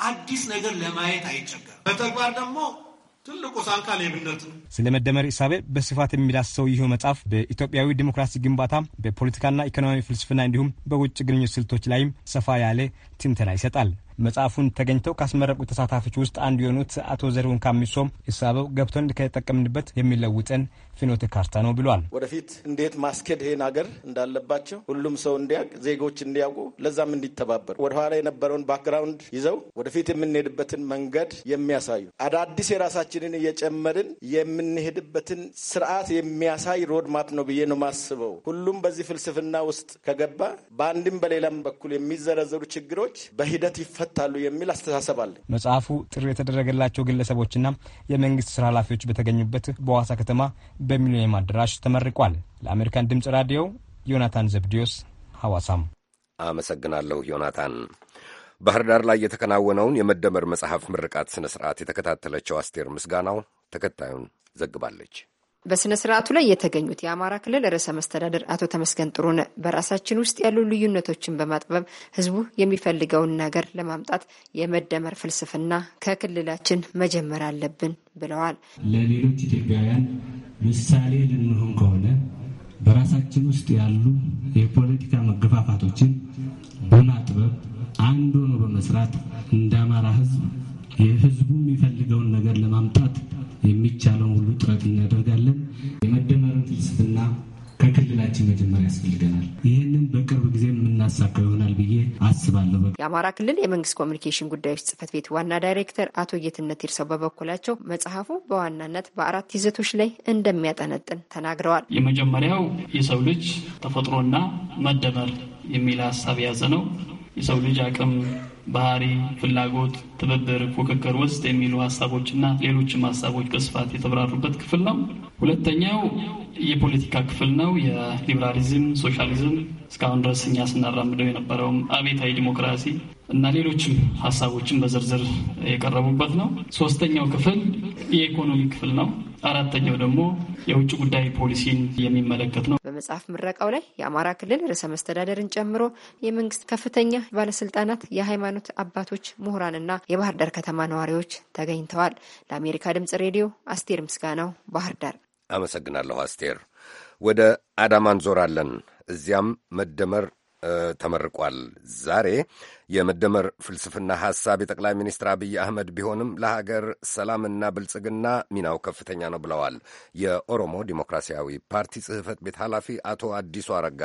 አዲስ ነገር ለማየት አይቸገርም። በተግባር ደግሞ ትልቁ ሳንካ ሌብነት ነው። ስለ መደመር እሳቤ በስፋት የሚዳስሰው ይህ መጽሐፍ በኢትዮጵያዊ ዲሞክራሲ ግንባታ፣ በፖለቲካና ኢኮኖሚ ፍልስፍና እንዲሁም በውጭ ግንኙነት ስልቶች ላይም ሰፋ ያለ ትንተና ይሰጣል። መጽሐፉን ተገኝተው ካስመረቁ ተሳታፊዎች ውስጥ አንዱ የሆኑት አቶ ዘሪሁን ካሚሶም እሳቤው ገብቶን ከተጠቀምንበት የሚለውጠን ፍኖተ ካርታ ነው ብሏል። ወደፊት እንዴት ማስኬድ ይሄን ሀገር እንዳለባቸው ሁሉም ሰው እንዲያውቅ፣ ዜጎች እንዲያውቁ፣ ለዛም እንዲተባበሩ ወደኋላ የነበረውን ባክግራውንድ ይዘው ወደፊት የምንሄድበትን መንገድ የሚያሳዩ አዳዲስ የራሳችንን እየጨመርን የምንሄድበትን ስርዓት የሚያሳይ ሮድማፕ ነው ብዬ ነው ማስበው። ሁሉም በዚህ ፍልስፍና ውስጥ ከገባ በአንድም በሌላም በኩል የሚዘረዘሩ ችግሮች በሂደት ይፈታሉ የሚል አስተሳሰብ አለ። መጽሐፉ ጥሪ የተደረገላቸው ግለሰቦችና የመንግስት ስራ ኃላፊዎች በተገኙበት በዋሳ ከተማ በሚሊኒየም አዳራሽ ተመርቋል። ለአሜሪካን ድምፅ ራዲዮ ዮናታን ዘብዲዮስ ሐዋሳም። አመሰግናለሁ ዮናታን። ባህር ዳር ላይ የተከናወነውን የመደመር መጽሐፍ ምርቃት ስነ ስርዓት የተከታተለችው አስቴር ምስጋናው ተከታዩን ዘግባለች። በሥነ ስርዓቱ ላይ የተገኙት የአማራ ክልል ርዕሰ መስተዳደር አቶ ተመስገን ጥሩነህ በራሳችን ውስጥ ያሉ ልዩነቶችን በማጥበብ ህዝቡ የሚፈልገውን ነገር ለማምጣት የመደመር ፍልስፍና ከክልላችን መጀመር አለብን ብለዋል። ለሌሎች ኢትዮጵያውያን ምሳሌ ልንሆን ከሆነ በራሳችን ውስጥ ያሉ የፖለቲካ መገፋፋቶችን በማጥበብ አንድ ሆኖ በመስራት እንደ አማራ ህዝብ የህዝቡ የሚፈልገውን ነገር ለማምጣት የሚቻለውን ሁሉ ጥረት እናደርጋለን። የመደመርን ፍልስፍና ከክልላችን መጀመሪያ ያስፈልገናል። ይህንን በቅርብ ጊዜ የምናሳካው ይሆናል ብዬ አስባለሁ። የአማራ ክልል የመንግስት ኮሚኒኬሽን ጉዳዮች ጽህፈት ቤት ዋና ዳይሬክተር አቶ ጌትነት ይርሰው በበኩላቸው መጽሐፉ በዋናነት በአራት ይዘቶች ላይ እንደሚያጠነጥን ተናግረዋል። የመጀመሪያው የሰው ልጅ ተፈጥሮና መደመር የሚል ሀሳብ የያዘ ነው። የሰው ልጅ አቅም ባህሪ፣ ፍላጎት፣ ትብብር፣ ፉክክር ውስጥ የሚሉ ሀሳቦችና ሌሎችም ሀሳቦች በስፋት የተብራሩበት ክፍል ነው። ሁለተኛው የፖለቲካ ክፍል ነው። የሊብራሊዝም ሶሻሊዝም እስካሁን ድረስ እኛ ስናራምደው የነበረውም አቤታዊ ዲሞክራሲ እና ሌሎችም ሀሳቦችን በዝርዝር የቀረቡበት ነው። ሶስተኛው ክፍል የኢኮኖሚ ክፍል ነው። አራተኛው ደግሞ የውጭ ጉዳይ ፖሊሲን የሚመለከት ነው። በመጽሐፍ ምረቃው ላይ የአማራ ክልል ርዕሰ መስተዳደርን ጨምሮ የመንግስት ከፍተኛ ባለስልጣናት፣ የሃይማኖት አባቶች፣ ምሁራንና የባህር ዳር ከተማ ነዋሪዎች ተገኝተዋል። ለአሜሪካ ድምጽ ሬዲዮ አስቴር ምስጋናው ባህር ዳር። አመሰግናለሁ አስቴር። ወደ አዳማ እንዞራለን። እዚያም መደመር ተመርቋል። ዛሬ የመደመር ፍልስፍና ሐሳብ የጠቅላይ ሚኒስትር አብይ አህመድ ቢሆንም ለሀገር ሰላምና ብልጽግና ሚናው ከፍተኛ ነው ብለዋል የኦሮሞ ዲሞክራሲያዊ ፓርቲ ጽህፈት ቤት ኃላፊ አቶ አዲሱ አረጋ።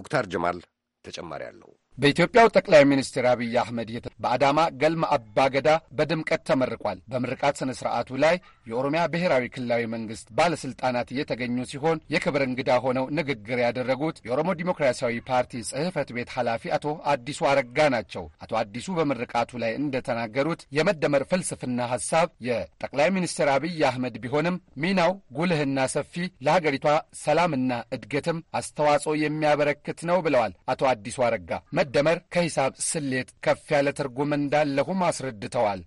ሙክታር ጀማል ተጨማሪ አለው። በኢትዮጵያው ጠቅላይ ሚኒስትር አብይ አህመድ በአዳማ ገልማ አባገዳ በድምቀት ተመርቋል። በምርቃት ስነ ስርዓቱ ላይ የኦሮሚያ ብሔራዊ ክልላዊ መንግስት ባለስልጣናት የተገኙ ሲሆን የክብር እንግዳ ሆነው ንግግር ያደረጉት የኦሮሞ ዲሞክራሲያዊ ፓርቲ ጽህፈት ቤት ኃላፊ አቶ አዲሱ አረጋ ናቸው። አቶ አዲሱ በምርቃቱ ላይ እንደተናገሩት የመደመር ፍልስፍና ሀሳብ የጠቅላይ ሚኒስትር አብይ አህመድ ቢሆንም ሚናው ጉልህና ሰፊ ለሀገሪቷ ሰላምና እድገትም አስተዋጽኦ የሚያበረክት ነው ብለዋል አቶ አዲሱ አረጋ መደመር ከሂሳብ ስሌት ከፍ ያለ ትርጉም እንዳለሁም አስረድተዋል።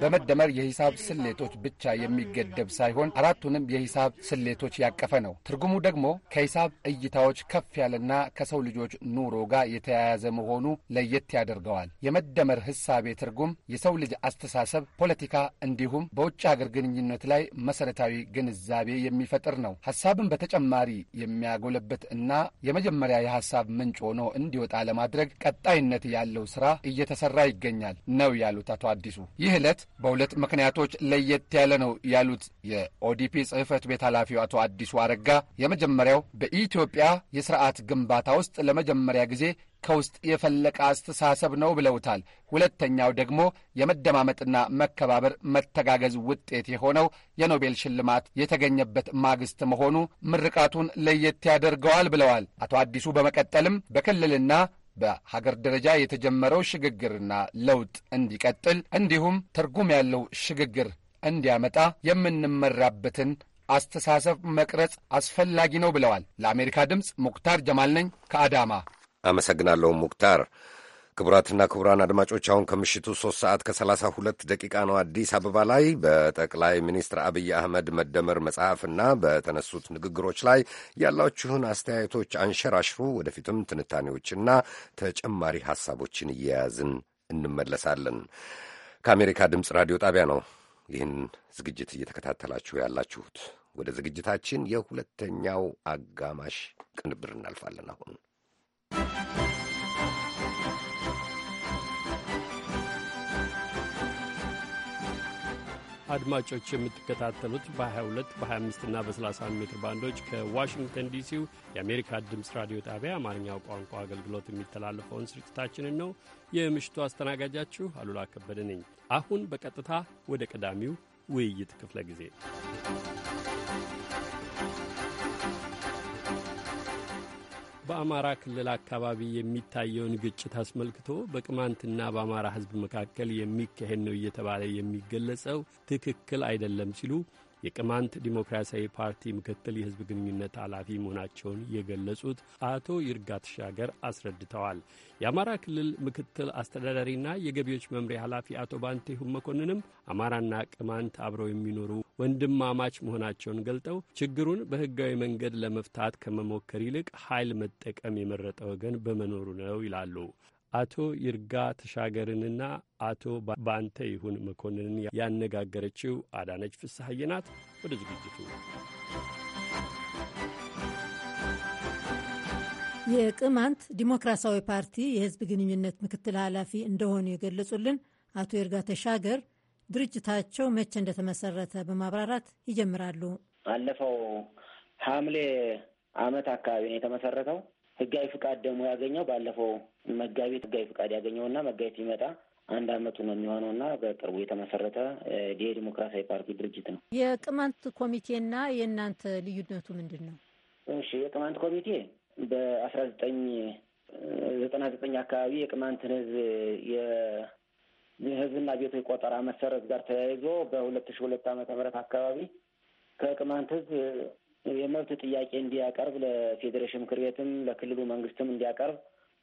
በመደመር የሂሳብ ስሌቶች ብቻ የሚገደብ ሳይሆን አራቱንም የሂሳብ ስሌቶች ያቀፈ ነው። ትርጉሙ ደግሞ ከሂሳብ እይታዎች ከፍ ያለና ከሰው ልጆች ኑሮ ጋር የተያያዘ መሆኑ ለየት ያደርገዋል። የመደመር ሕሳቤ ትርጉም የሰው ልጅ አስተሳሰብ፣ ፖለቲካ እንዲሁም በውጭ ሀገር ግንኙነት ላይ መሰረታዊ ግንዛቤ የሚፈጥር ነው። ሀሳብን በተጨማሪ የሚያጎለበት እና የመጀመሪያ የሀሳብ ምንጭ ሆኖ እንዲወጣ ለማድረግ ቀጣይነት ያለው ስራ እየተሰራ ይገኛል ነው ያሉት አቶ አዲሱ። ይህ ዕለት በሁለት ምክንያቶች ለየት ያለ ነው ያሉት የኦዲፒ ጽህፈት ቤት ኃላፊው አቶ አዲሱ አረጋ፣ የመጀመሪያው በኢትዮጵያ የስርዓት ግንባታ ውስጥ ለመጀመሪያ ጊዜ ከውስጥ የፈለቀ አስተሳሰብ ነው ብለውታል። ሁለተኛው ደግሞ የመደማመጥና መከባበር መተጋገዝ ውጤት የሆነው የኖቤል ሽልማት የተገኘበት ማግስት መሆኑ ምርቃቱን ለየት ያደርገዋል ብለዋል አቶ አዲሱ። በመቀጠልም በክልልና በሀገር ደረጃ የተጀመረው ሽግግርና ለውጥ እንዲቀጥል እንዲሁም ትርጉም ያለው ሽግግር እንዲያመጣ የምንመራበትን አስተሳሰብ መቅረጽ አስፈላጊ ነው ብለዋል። ለአሜሪካ ድምፅ ሙክታር ጀማል ነኝ ከአዳማ። አመሰግናለሁ ሙክታር። ክቡራትና ክቡራን አድማጮች አሁን ከምሽቱ ሶስት ሰዓት ከሰላሳ ሁለት ደቂቃ ነው። አዲስ አበባ ላይ በጠቅላይ ሚኒስትር አብይ አህመድ መደመር መጽሐፍና በተነሱት ንግግሮች ላይ ያላችሁን አስተያየቶች አንሸራሽሩ። ወደፊትም ትንታኔዎችና ተጨማሪ ሐሳቦችን እየያዝን እንመለሳለን። ከአሜሪካ ድምፅ ራዲዮ ጣቢያ ነው ይህን ዝግጅት እየተከታተላችሁ ያላችሁት። ወደ ዝግጅታችን የሁለተኛው አጋማሽ ቅንብር እናልፋለን አሁን አድማጮች የምትከታተሉት በ22 በ25 እና በ31 ሜትር ባንዶች ከዋሽንግተን ዲሲው የአሜሪካ ድምፅ ራዲዮ ጣቢያ አማርኛው ቋንቋ አገልግሎት የሚተላለፈውን ስርጭታችንን ነው። የምሽቱ አስተናጋጃችሁ አሉላ ከበደ ነኝ። አሁን በቀጥታ ወደ ቀዳሚው ውይይት ክፍለ ጊዜ በአማራ ክልል አካባቢ የሚታየውን ግጭት አስመልክቶ በቅማንትና በአማራ ሕዝብ መካከል የሚካሄድ ነው እየተባለ የሚገለጸው ትክክል አይደለም ሲሉ የቅማንት ዲሞክራሲያዊ ፓርቲ ምክትል የህዝብ ግንኙነት ኃላፊ መሆናቸውን የገለጹት አቶ ይርጋ ተሻገር አስረድተዋል። የአማራ ክልል ምክትል አስተዳዳሪና የገቢዎች መምሪያ ኃላፊ አቶ ባንቴሁም መኮንንም አማራና ቅማንት አብረው የሚኖሩ ወንድማማች መሆናቸውን ገልጠው ችግሩን በህጋዊ መንገድ ለመፍታት ከመሞከር ይልቅ ኃይል መጠቀም የመረጠ ወገን በመኖሩ ነው ይላሉ። አቶ ይርጋ ተሻገርንና አቶ በአንተ ይሁን መኮንንን ያነጋገረችው አዳነች ፍስሐዬ ናት። ወደ ዝግጅቱ የቅማንት ዲሞክራሲያዊ ፓርቲ የህዝብ ግንኙነት ምክትል ኃላፊ እንደሆኑ የገለጹልን አቶ ይርጋ ተሻገር ድርጅታቸው መቼ እንደተመሰረተ በማብራራት ይጀምራሉ። ባለፈው ሐምሌ ዓመት አካባቢ ነው የተመሰረተው። ህጋዊ ፍቃድ ደግሞ ያገኘው ባለፈው መጋቢት ህጋዊ ፍቃድ እና መጋቢት ሲመጣ አንድ አመቱ ነው የሚሆነውና በቅርቡ የተመሰረተ የዲሞክራሲያዊ ፓርቲ ድርጅት ነው። የቅማንት ኮሚቴና የእናንተ ልዩነቱ ምንድን ነው? እሺ የቅማንት ኮሚቴ በአስራ ዘጠኝ ዘጠና ዘጠኝ አካባቢ የቅማንትን ህዝብ የህዝብና ቤቶች ቆጠራ መሰረት ጋር ተያይዞ በሁለት ሺ ሁለት አመተ ምህረት አካባቢ ከቅማንት ህዝብ የመብት ጥያቄ እንዲያቀርብ ለፌዴሬሽን ምክር ቤትም ለክልሉ መንግስትም እንዲያቀርብ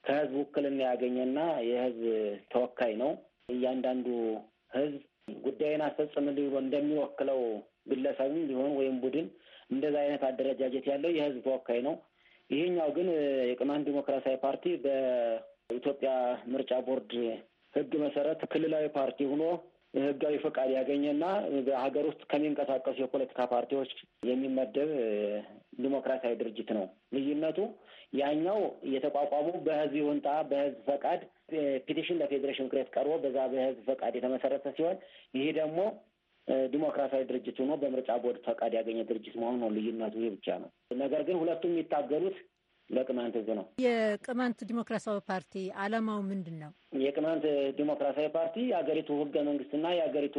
ከህዝብ ውክልና ያገኘና የህዝብ ተወካይ ነው። እያንዳንዱ ህዝብ ጉዳይን አስፈጽምልኝ ብሎ እንደሚወክለው ግለሰብም ቢሆን ወይም ቡድን እንደዛ አይነት አደረጃጀት ያለው የህዝብ ተወካይ ነው። ይህኛው ግን የቅማንት ዲሞክራሲያዊ ፓርቲ በኢትዮጵያ ምርጫ ቦርድ ህግ መሰረት ክልላዊ ፓርቲ ሆኖ ህጋዊ ፈቃድ ያገኘና በሀገር ውስጥ ከሚንቀሳቀሱ የፖለቲካ ፓርቲዎች የሚመደብ ዲሞክራሲያዊ ድርጅት ነው። ልዩነቱ ያኛው የተቋቋሙ በህዝብ ይሁንታ በህዝብ ፈቃድ ፒቲሽን ለፌዴሬሽን ምክር ቤት ቀርቦ በዛ በህዝብ ፈቃድ የተመሰረተ ሲሆን ይህ ደግሞ ዲሞክራሲያዊ ድርጅት ሆኖ በምርጫ ቦርድ ፈቃድ ያገኘ ድርጅት መሆኑ ነው። ልዩነቱ ይህ ብቻ ነው። ነገር ግን ሁለቱም የሚታገሉት ለቅማንት ህዝብ ነው። የቅማንት ዲሞክራሲያዊ ፓርቲ አላማው ምንድን ነው? የቅማንት ዲሞክራሲያዊ ፓርቲ የሀገሪቱ ህገ መንግስትና የሀገሪቱ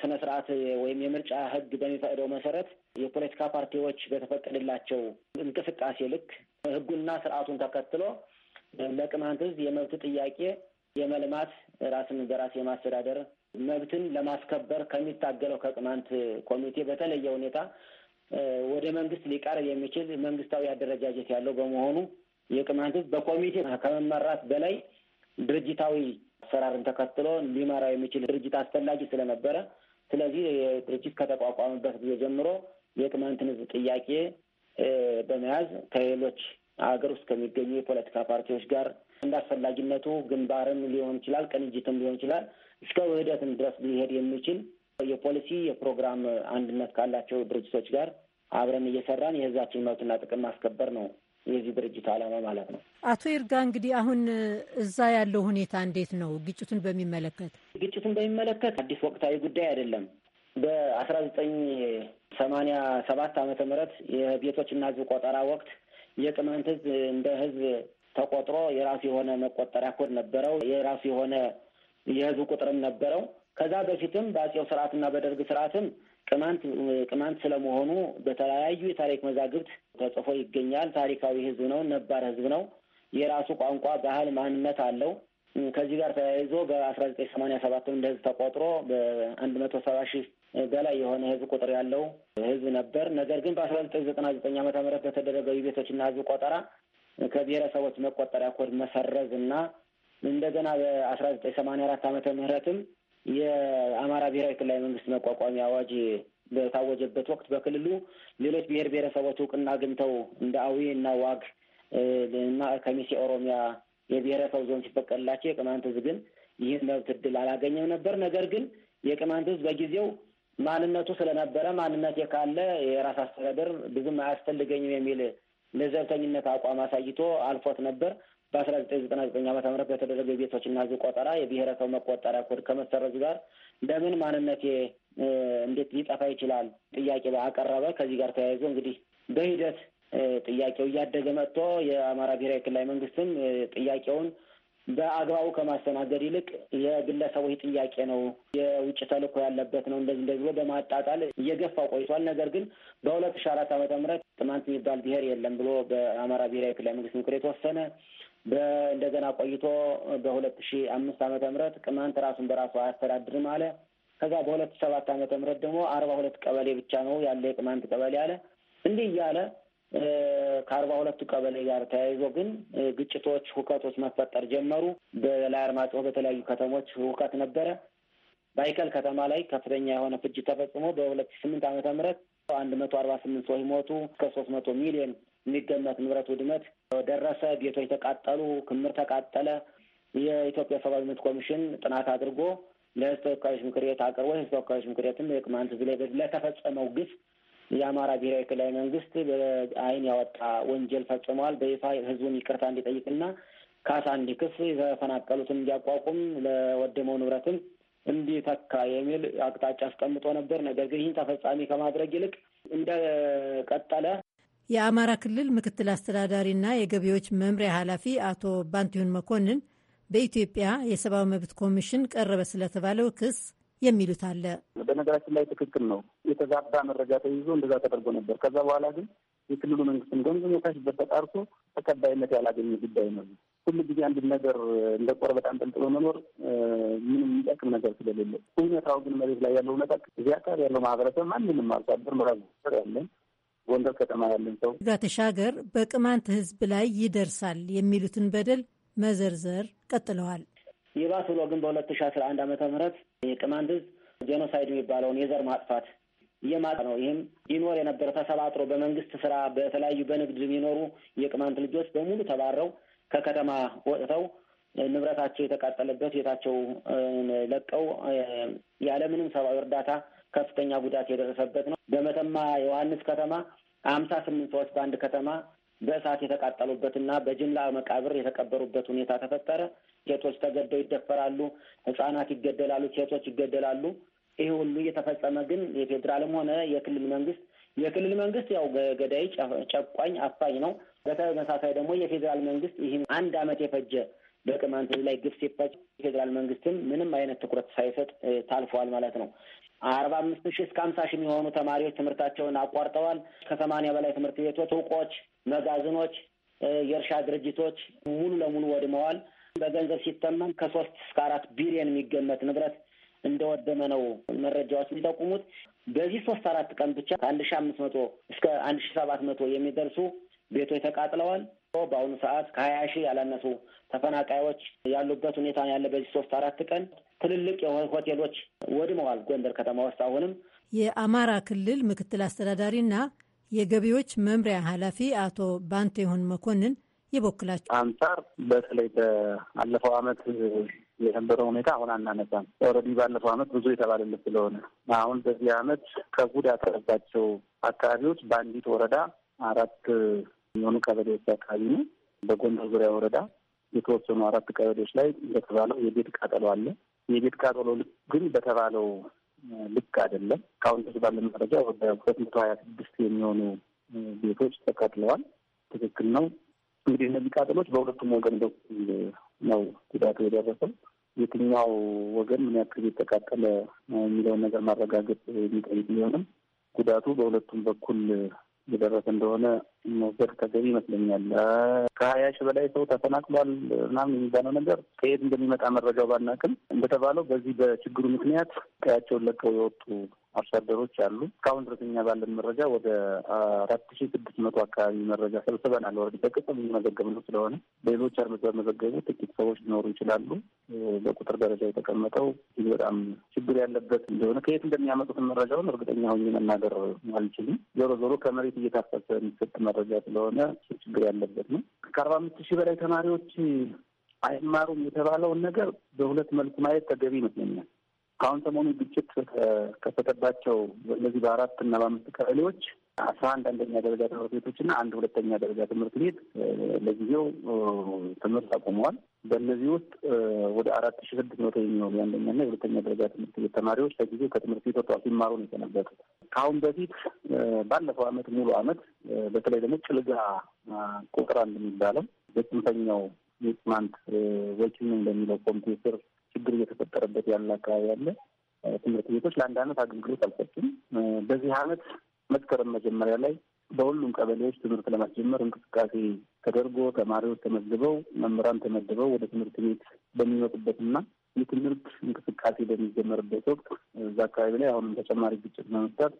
ስነ ስርዓት ወይም የምርጫ ህግ በሚፈቅደው መሰረት የፖለቲካ ፓርቲዎች በተፈቀደላቸው እንቅስቃሴ ልክ ህጉና ስርዓቱን ተከትሎ ለቅማንት ህዝብ የመብት ጥያቄ የመልማት ራስን በራስ የማስተዳደር መብትን ለማስከበር ከሚታገለው ከቅማንት ኮሚቴ በተለየ ሁኔታ ወደ መንግስት ሊቀርብ የሚችል መንግስታዊ አደረጃጀት ያለው በመሆኑ የቅማንት ህዝብ በኮሚቴ ከመመራት በላይ ድርጅታዊ አሰራርን ተከትሎ ሊመራው የሚችል ድርጅት አስፈላጊ ስለነበረ ስለዚህ ድርጅት ከተቋቋመበት ጊዜ ጀምሮ የቅማንትን ህዝብ ጥያቄ በመያዝ ከሌሎች ሀገር ውስጥ ከሚገኙ የፖለቲካ ፓርቲዎች ጋር እንደ አስፈላጊነቱ ግንባርም ሊሆን ይችላል፣ ቅንጅትም ሊሆን ይችላል እስከ ውህደትም ድረስ ሊሄድ የሚችል የፖሊሲ የፕሮግራም አንድነት ካላቸው ድርጅቶች ጋር አብረን እየሰራን የህዝባችን መብትና ጥቅም ማስከበር ነው የዚህ ድርጅት ዓላማ ማለት ነው። አቶ ይርጋ እንግዲህ አሁን እዛ ያለው ሁኔታ እንዴት ነው? ግጭቱን በሚመለከት ግጭቱን በሚመለከት አዲስ ወቅታዊ ጉዳይ አይደለም። በአስራ ዘጠኝ ሰማንያ ሰባት ዓመተ ምህረት የቤቶችና ህዝብ ቆጠራ ወቅት የቅማንት ህዝብ እንደ ህዝብ ተቆጥሮ የራሱ የሆነ መቆጠሪያ ኮድ ነበረው። የራሱ የሆነ የህዝብ ቁጥርም ነበረው። ከዛ በፊትም በአጼው ስርዓትና በደርግ ስርዓትም ቅማንት ቅማንት ስለመሆኑ በተለያዩ የታሪክ መዛግብት ተጽፎ ይገኛል። ታሪካዊ ህዝብ ነው። ነባር ህዝብ ነው። የራሱ ቋንቋ፣ ባህል፣ ማንነት አለው። ከዚህ ጋር ተያይዞ በአስራ ዘጠኝ ሰማንያ ሰባትም እንደ ህዝብ ተቆጥሮ በአንድ መቶ ሰባ ሺህ በላይ የሆነ ህዝብ ቁጥር ያለው ህዝብ ነበር። ነገር ግን በአስራ ዘጠኝ ዘጠና ዘጠኝ ዓመተ ምህረት በተደረገው የቤቶችና ህዝብ ቆጠራ ከብሔረሰቦች መቆጠሪያ ኮድ መሰረዝ እና እንደገና በአስራ ዘጠኝ ሰማንያ አራት ዓመተ ምህረትም የአማራ ብሔራዊ ክልላዊ መንግስት መቋቋሚያ አዋጅ በታወጀበት ወቅት በክልሉ ሌሎች ብሔር ብሔረሰቦች እውቅና አግኝተው እንደ አዊ እና ዋግ እና ከሚሴ ኦሮሚያ የብሔረሰብ ዞን ሲፈቀድላቸው የቅማንት ህዝብ ግን ይህን መብት እድል አላገኘም ነበር። ነገር ግን የቅማንት ህዝብ በጊዜው ማንነቱ ስለነበረ ማንነቴ ካለ የራስ አስተዳደር ብዙም አያስፈልገኝም የሚል ለዘብተኝነት አቋም አሳይቶ አልፎት ነበር። በአስራ ዘጠኝ ዘጠና ዘጠኝ ዓመተ ምህረት በተደረገ የቤቶችና ሕዝብ ቆጠራ የብሔረሰብ መቆጠሪያ ኮድ ከመሰረዙ ጋር ለምን ማንነቴ እንዴት ሊጠፋ ይችላል ጥያቄ አቀረበ። ከዚህ ጋር ተያይዞ እንግዲህ በሂደት ጥያቄው እያደገ መጥቶ የአማራ ብሔራዊ ክልላዊ መንግስትም ጥያቄውን በአግባቡ ከማስተናገድ ይልቅ የግለሰቦች ጥያቄ ነው፣ የውጭ ተልእኮ ያለበት ነው፣ እንደዚህ እንደዚህ ብሎ በማጣጣል እየገፋ ቆይቷል። ነገር ግን በሁለት ሺ አራት ዓመተ ምህረት ቅማንት የሚባል ብሔር የለም ብሎ በአማራ ብሔራዊ ክልላዊ መንግስት ምክር የተወሰነ እንደገና ቆይቶ በሁለት ሺ አምስት ዓመተ ምህረት ቅማንት ራሱን በራሱ አያስተዳድርም አለ። ከዛ በሁለት ሰባት ዓመተ ምህረት ደግሞ አርባ ሁለት ቀበሌ ብቻ ነው ያለ የቅማንት ቀበሌ አለ። እንዲህ እያለ ከአርባ ሁለቱ ቀበሌ ጋር ተያይዞ ግን ግጭቶች፣ ሁከቶች መፈጠር ጀመሩ። በላይ አርማጭሆ በተለያዩ ከተሞች ሁከት ነበረ። ባይከል ከተማ ላይ ከፍተኛ የሆነ ፍጅት ተፈጽሞ በሁለት ሺ ስምንት ዓመተ ምህረት አንድ መቶ አርባ ስምንት ሰው ሞቱ። ከሶስት መቶ ሚሊዮን የሚገመት ንብረት ውድመት ደረሰ። ቤቶች ተቃጠሉ፣ ክምር ተቃጠለ። የኢትዮጵያ ሰብአዊ መብት ኮሚሽን ጥናት አድርጎ ለህዝብ ተወካዮች ምክር ቤት አቅርቦ የሕዝብ ተወካዮች ምክር ቤትም የቅማንት ሕዝብ ላይ ለተፈጸመው ግፍ የአማራ ብሔራዊ ክልላዊ መንግስት በአይን ያወጣ ወንጀል ፈጽመዋል፣ በይፋ ህዝቡን ይቅርታ እንዲጠይቅና ካሳ እንዲክስ የተፈናቀሉትን እንዲያቋቁም ለወደመው ንብረትም እንዲተካ የሚል አቅጣጫ አስቀምጦ ነበር። ነገር ግን ይህን ተፈጻሚ ከማድረግ ይልቅ እንደቀጠለ የአማራ ክልል ምክትል አስተዳዳሪና የገቢዎች መምሪያ ኃላፊ አቶ ባንቲሁን መኮንን በኢትዮጵያ የሰብአዊ መብት ኮሚሽን ቀረበ ስለተባለው ክስ የሚሉት አለ። በነገራችን ላይ ትክክል ነው። የተዛባ መረጃ ተይዞ እንደዛ ተደርጎ ነበር። ከዛ በኋላ ግን የክልሉ መንግስትን ገንዘብ የታሽበት ተጣርቶ ተቀባይነት ያላገኘ ጉዳይ ነው። ሁሉ ጊዜ አንድ ነገር እንደ በጣም አንጠልጥሎ መኖር ምንም የሚጠቅም ነገር ስለሌለ፣ እውነታው ግን መሬት ላይ ያለው እውነታ እዚህ አካባቢ ያለው ማህበረሰብ ማንንም አርሶ አደር ምራ ያለን ጎንደር ከተማ ያለን ሰው ጋ ተሻገር በቅማንት ህዝብ ላይ ይደርሳል የሚሉትን በደል መዘርዘር ቀጥለዋል። ይባስ ብሎ ግን በሁለት ሺ አስራ አንድ አመተ ምህረት የቅማንት ህዝብ ጄኖሳይድ የሚባለውን የዘር ማጥፋት የማጣ ነው። ይህም ይኖር የነበረ ተሰባጥሮ በመንግስት ስራ፣ በተለያዩ በንግድ የሚኖሩ የቅማንት ልጆች በሙሉ ተባረው ከከተማ ወጥተው ንብረታቸው የተቃጠለበት ቤታቸው ለቀው ያለምንም ሰብአዊ እርዳታ ከፍተኛ ጉዳት የደረሰበት ነው። በመተማ ዮሐንስ ከተማ አምሳ ስምንት ሰዎች በአንድ ከተማ በእሳት የተቃጠሉበትና በጅምላ መቃብር የተቀበሩበት ሁኔታ ተፈጠረ። ሴቶች ተገደው ይደፈራሉ፣ ህጻናት ይገደላሉ፣ ሴቶች ይገደላሉ። ይህ ሁሉ እየተፈጸመ ግን የፌዴራልም ሆነ የክልል መንግስት የክልል መንግስት ያው ገዳይ፣ ጨቋኝ፣ አፋኝ ነው። በተመሳሳይ ደግሞ የፌዴራል መንግስት ይህም አንድ አመት የፈጀ በቅማንት ህዝብ ላይ ግፍ ሲፈጽ ፌዴራል መንግስትም ምንም አይነት ትኩረት ሳይሰጥ ታልፈዋል ማለት ነው። አርባ አምስት ሺህ እስከ ሀምሳ ሺህ የሚሆኑ ተማሪዎች ትምህርታቸውን አቋርጠዋል። ከሰማንያ በላይ ትምህርት ቤቶች፣ ሱቆች፣ መጋዘኖች፣ የእርሻ ድርጅቶች ሙሉ ለሙሉ ወድመዋል። በገንዘብ ሲተመን ከሶስት እስከ አራት ቢሊዮን የሚገመት ንብረት እንደወደመ ነው መረጃዎች የሚጠቁሙት። በዚህ ሶስት አራት ቀን ብቻ ከአንድ ሺ አምስት መቶ እስከ አንድ ሺ ሰባት መቶ የሚደርሱ ቤቶች ተቃጥለዋል። በአሁኑ ሰዓት ከሀያ ሺህ ያላነሱ ተፈናቃዮች ያሉበት ሁኔታ ያለ በዚህ ሶስት አራት ቀን ትልልቅ ሆቴሎች ወድመዋል። ጎንደር ከተማ ውስጥ አሁንም የአማራ ክልል ምክትል አስተዳዳሪና የገቢዎች መምሪያ ኃላፊ አቶ ባንቴሆን መኮንን የበኩላቸው አንጻር በተለይ በአለፈው አመት የነበረው ሁኔታ አሁን አናነሳም። ኦልሬዲ ባለፈው አመት ብዙ የተባለለት ስለሆነ አሁን በዚህ አመት ከጉድ ያለባቸው አካባቢዎች በአንዲት ወረዳ አራት የሚሆኑ ቀበሌዎች አካባቢ ነው። በጎንደር ዙሪያ ወረዳ የተወሰኑ አራት ቀበሌዎች ላይ እንደተባለው የቤት ቃጠሎ አለ። የቤት ቃጠሎ ግን በተባለው ልክ አይደለም። ከአሁን ድረስ ባለ መረጃ ወደ ሁለት መቶ ሀያ ስድስት የሚሆኑ ቤቶች ተቃጥለዋል። ትክክል ነው። እንግዲህ እነዚህ ቃጠሎች በሁለቱም ወገን በኩል ነው ጉዳቱ የደረሰው። የትኛው ወገን ምን ያክል የተቃጠለ የሚለውን ነገር ማረጋገጥ የሚጠይቅ ቢሆንም ጉዳቱ በሁለቱም በኩል የደረሰ እንደሆነ መውሰድ ተገቢ ይመስለኛል። ከሀያ ሺህ በላይ ሰው ተፈናቅሏል ምናምን የሚባለው ነገር ከየት እንደሚመጣ መረጃው ባናቅም እንደተባለው በዚህ በችግሩ ምክንያት ቀያቸውን ለቀው የወጡ አርሶ አደሮች አሉ። እስካሁን ድረስ እኛ ባለን መረጃ ወደ አራት ሺ ስድስት መቶ አካባቢ መረጃ ሰብስበናል። ወረድ በቅጽም የሚመዘገብ ነው ስለሆነ ሌሎች አርመት በመዘገቡ ጥቂት ሰዎች ሊኖሩ ይችላሉ። በቁጥር ደረጃ የተቀመጠው እጅግ በጣም ችግር ያለበት እንደሆነ ከየት እንደሚያመጡትን መረጃውን እርግጠኛ ሆኜ መናገር አልችልም። ዞሮ ዞሮ ከመሬት እየታፈሰ የሚሰጥ መረጃ ስለሆነ ችግር ያለበት ነው። ከአርባ አምስት ሺህ በላይ ተማሪዎች አይማሩም የተባለውን ነገር በሁለት መልኩ ማየት ተገቢ ይመስለኛል። ከአሁን ሰሞኑ ግጭት ከተከሰተባቸው እነዚህ በአራት እና በአምስት ቀበሌዎች አስራ አንድ አንደኛ ደረጃ ትምህርት ቤቶችና አንድ ሁለተኛ ደረጃ ትምህርት ቤት ለጊዜው ትምህርት አቁመዋል። በእነዚህ ውስጥ ወደ አራት ሺ ስድስት መቶ የሚሆኑ የአንደኛና የሁለተኛ ደረጃ ትምህርት ቤት ተማሪዎች ለጊዜው ከትምህርት ቤት ወጥተዋል። ሲማሩ ነው የሰነበቱት። ከአሁን በፊት ባለፈው አመት ሙሉ አመት በተለይ ደግሞ ጭልጋ ቁጥር አንድ የሚባለው በጽንፈኛው የቅማንት ወኪል እንደሚለው ኮምፒውተር ችግር እየተፈጠረበት ያለ አካባቢ ያለ ትምህርት ቤቶች ለአንድ አመት አገልግሎት አልሰጡም። በዚህ አመት መስከረም መጀመሪያ ላይ በሁሉም ቀበሌዎች ትምህርት ለማስጀመር እንቅስቃሴ ተደርጎ ተማሪዎች ተመዝግበው መምህራን ተመድበው ወደ ትምህርት ቤት በሚመጡበትና የትምህርት እንቅስቃሴ በሚጀመርበት ወቅት እዛ አካባቢ ላይ አሁንም ተጨማሪ ግጭት በመፍጠር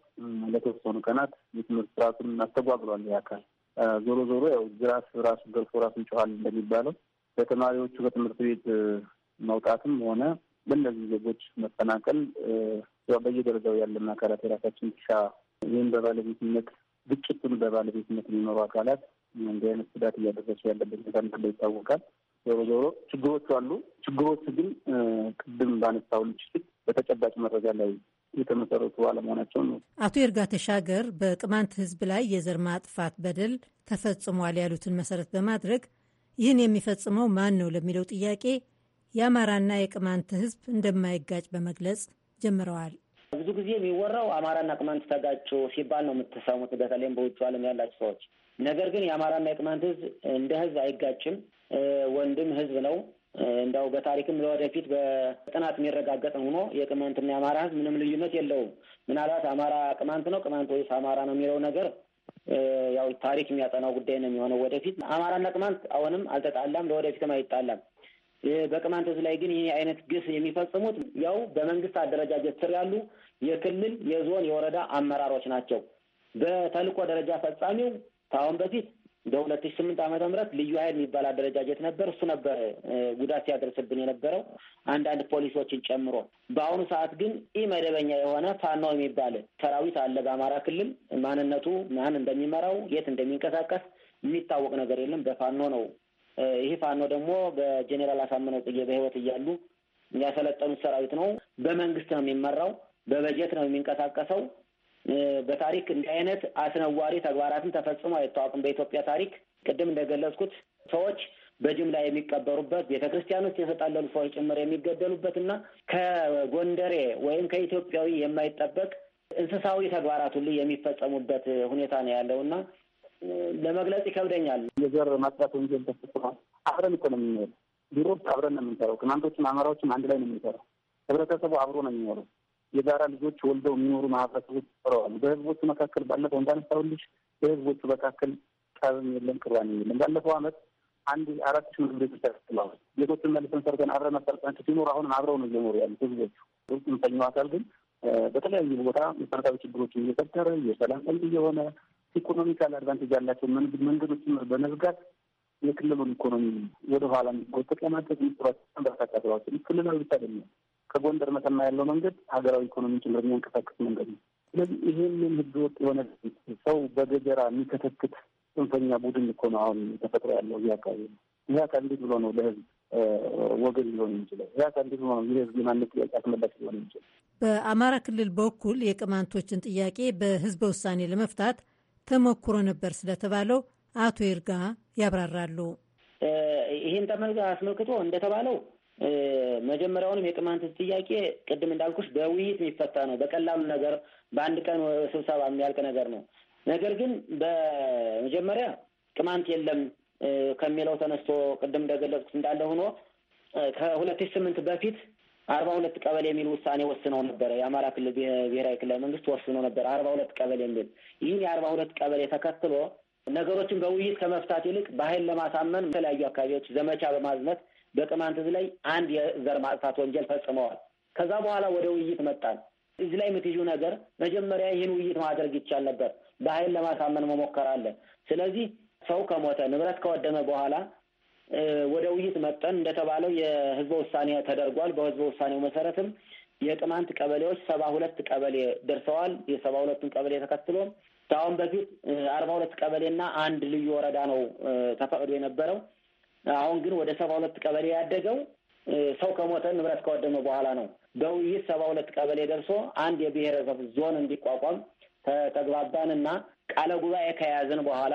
ለተወሰኑ ቀናት የትምህርት ስርዓቱን አስተጓግሏል። ይህ አካል ዞሮ ዞሮ ያው ጅራፍ ራሱ ገርፎ ራሱ ይጮሃል እንደሚባለው ለተማሪዎቹ ከትምህርት ቤት መውጣትም ሆነ በእነዚህ ዜጎች መፈናቀል በየደረጃው ያለን አካላት የራሳችን ሻ ይህም በባለቤትነት ግጭቱን በባለቤትነት የሚኖሩ አካላት እንዲህ አይነት ጉዳት እያደረሱ ያለበት ሁኔታ እንዳለ ይታወቃል። ዞሮ ዞሮ ችግሮቹ አሉ። ችግሮቹ ግን ቅድም ባነሳው ልችል በተጨባጭ መረጃ ላይ የተመሰረቱ አለመሆናቸው ነው። አቶ ይርጋ ተሻገር በቅማንት ህዝብ ላይ የዘር ማጥፋት በደል ተፈጽሟል ያሉትን መሰረት በማድረግ ይህን የሚፈጽመው ማን ነው ለሚለው ጥያቄ የአማራና የቅማንት ህዝብ እንደማይጋጭ በመግለጽ ጀምረዋል። ብዙ ጊዜ የሚወራው አማራና ቅማንት ተጋጩ ሲባል ነው የምትሰሙት፣ በተለይም በውጭ ዓለም ያላቸው ሰዎች። ነገር ግን የአማራና የቅማንት ህዝብ እንደ ህዝብ አይጋጭም። ወንድም ህዝብ ነው። እንዳው በታሪክም ለወደፊት በጥናት የሚረጋገጥ ሆኖ የቅማንትና የአማራ ህዝብ ምንም ልዩነት የለውም። ምናልባት አማራ ቅማንት ነው፣ ቅማንት ወይስ አማራ ነው የሚለው ነገር ያው ታሪክ የሚያጠናው ጉዳይ ነው የሚሆነው ወደፊት። አማራና ቅማንት አሁንም አልተጣላም፣ ለወደፊትም አይጣላም። በቅማንት ህዝብ ላይ ግን ይህ አይነት ግፍ የሚፈጽሙት ያው በመንግስት አደረጃጀት ስር ያሉ የክልል የዞን፣ የወረዳ አመራሮች ናቸው። በተልእኮ ደረጃ ፈጻሚው ከአሁን በፊት በሁለት ሺ ስምንት ዓመተ ምህረት ልዩ ኃይል የሚባል አደረጃጀት ነበር። እሱ ነበር ጉዳት ሲያደርስብን የነበረው አንዳንድ ፖሊሶችን ጨምሮ። በአሁኑ ሰዓት ግን ኢ መደበኛ የሆነ ፋኖ የሚባል ሰራዊት አለ በአማራ ክልል። ማንነቱ ማን እንደሚመራው የት እንደሚንቀሳቀስ የሚታወቅ ነገር የለም። በፋኖ ነው። ይህ ፋኖ ደግሞ በጄኔራል አሳምነው ጽጌ በህይወት እያሉ ያሰለጠኑት ሰራዊት ነው። በመንግስት ነው የሚመራው። በበጀት ነው የሚንቀሳቀሰው። በታሪክ እንዲህ አይነት አስነዋሪ ተግባራትን ተፈጽሞ አይታወቅም። በኢትዮጵያ ታሪክ ቅድም እንደገለጽኩት ሰዎች በጅምላ የሚቀበሩበት ቤተ ክርስቲያን ውስጥ የተጣለሉ ሰዎች ጭምር የሚገደሉበት እና ከጎንደሬ ወይም ከኢትዮጵያዊ የማይጠበቅ እንስሳዊ ተግባራት ሁሉ የሚፈጸሙበት ሁኔታ ነው ያለው እና ለመግለጽ ይከብደኛል። የዘር ማጥፋት ወንጀል ተፈጽሟል። አብረን እኮ ነው የምንኖረው። ቢሮ ውስጥ አብረን ነው የምንሰራው። ቅማንቶችም አማራዎችም አንድ ላይ ነው የምንሰራው። ህብረተሰቡ አብሮ ነው የሚኖረው። የጋራ ልጆች ወልደው የሚኖሩ ማህበረሰቦች ይኖረዋሉ። በህዝቦቹ መካከል ባለፈው እንዳነሳሁልሽ በህዝቦቹ መካከል ጠብም የለም፣ ቅራኔም የለም። ባለፈው አመት አንድ አራት ሺ ቤቶች ተከትለዋል። ቤቶችን መልሰን ሰርተን አብረን መሰረታቸው ሲኖሩ አሁንም አብረው ነው እየኖሩ ያሉ ህዝቦቹ። ጽንፈኛው አካል ግን በተለያዩ ቦታ መሰረታዊ ችግሮችን እየፈጠረ የሰላም ቀንድ እየሆነ ኢኮኖሚካል አድቫንቴጅ ያላቸው መንገዶችን በመዝጋት የክልሉን ኢኮኖሚ ወደኋላ እንዲጎተት ለማድረግ ሚስራት በርካታ ስራዎች ክልላዊ ብቻ አይደለም ከጎንደር መተማ ያለው መንገድ ሀገራዊ ኢኮኖሚ ጭምር የሚያንቀሳቅስ መንገድ ነው። ስለዚህ ይሄንን ህገወጥ የሆነ ሰው በገጀራ የሚከተክት ጽንፈኛ ቡድን እኮ ነው አሁን ተፈጥሮ ያለው ይህ አካባቢ ነው። ይህ አካል እንዴት ብሎ ነው ለህዝብ ወገን ሊሆን የሚችለው? ይህ አካል እንዴት ብሎ ነው የህዝብ ማንነት ጥያቄ አስመላሽ ሊሆን የሚችለው? በአማራ ክልል በኩል የቅማንቶችን ጥያቄ በህዝበ ውሳኔ ለመፍታት ተሞክሮ ነበር ስለተባለው አቶ ይርጋ ያብራራሉ። ይህን ተመልጋ አስመልክቶ እንደተባለው መጀመሪያውንም የቅማንት ጥያቄ ቅድም እንዳልኩሽ በውይይት የሚፈታ ነው። በቀላሉ ነገር በአንድ ቀን ስብሰባ የሚያልቅ ነገር ነው። ነገር ግን በመጀመሪያ ቅማንት የለም ከሚለው ተነስቶ ቅድም እንደገለጽኩት እንዳለ ሆኖ ከሁለት ሺህ ስምንት በፊት አርባ ሁለት ቀበሌ የሚል ውሳኔ ወስነው ነበረ። የአማራ ክልል ብሔራዊ ክልላዊ መንግስት ወስኖ ነበረ አርባ ሁለት ቀበሌ የሚል ይህን የአርባ ሁለት ቀበሌ ተከትሎ ነገሮችን በውይይት ከመፍታት ይልቅ በኃይል ለማሳመን የተለያዩ አካባቢዎች ዘመቻ በማዝመት በቅማንት ህዝብ ላይ አንድ የዘር ማጥፋት ወንጀል ፈጽመዋል። ከዛ በኋላ ወደ ውይይት መጣል። እዚህ ላይ የምትይዙ ነገር መጀመሪያ ይህን ውይይት ማድረግ ይቻል ነበር። በኃይል ለማሳመን መሞከር አለ። ስለዚህ ሰው ከሞተ ንብረት ከወደመ በኋላ ወደ ውይይት መጠን እንደተባለው የህዝበ ውሳኔ ተደርጓል። በህዝበ ውሳኔው መሰረትም የቅማንት ቀበሌዎች ሰባ ሁለት ቀበሌ ደርሰዋል። የሰባ ሁለቱን ቀበሌ ተከትሎም ከአሁን በፊት አርባ ሁለት ቀበሌና አንድ ልዩ ወረዳ ነው ተፈቅዶ የነበረው አሁን ግን ወደ ሰባ ሁለት ቀበሌ ያደገው ሰው ከሞተ ንብረት ከወደመ በኋላ ነው። በውይይት ሰባ ሁለት ቀበሌ ደርሶ አንድ የብሔረሰብ ዞን እንዲቋቋም ተግባባን እና ቃለ ጉባኤ ከያዝን በኋላ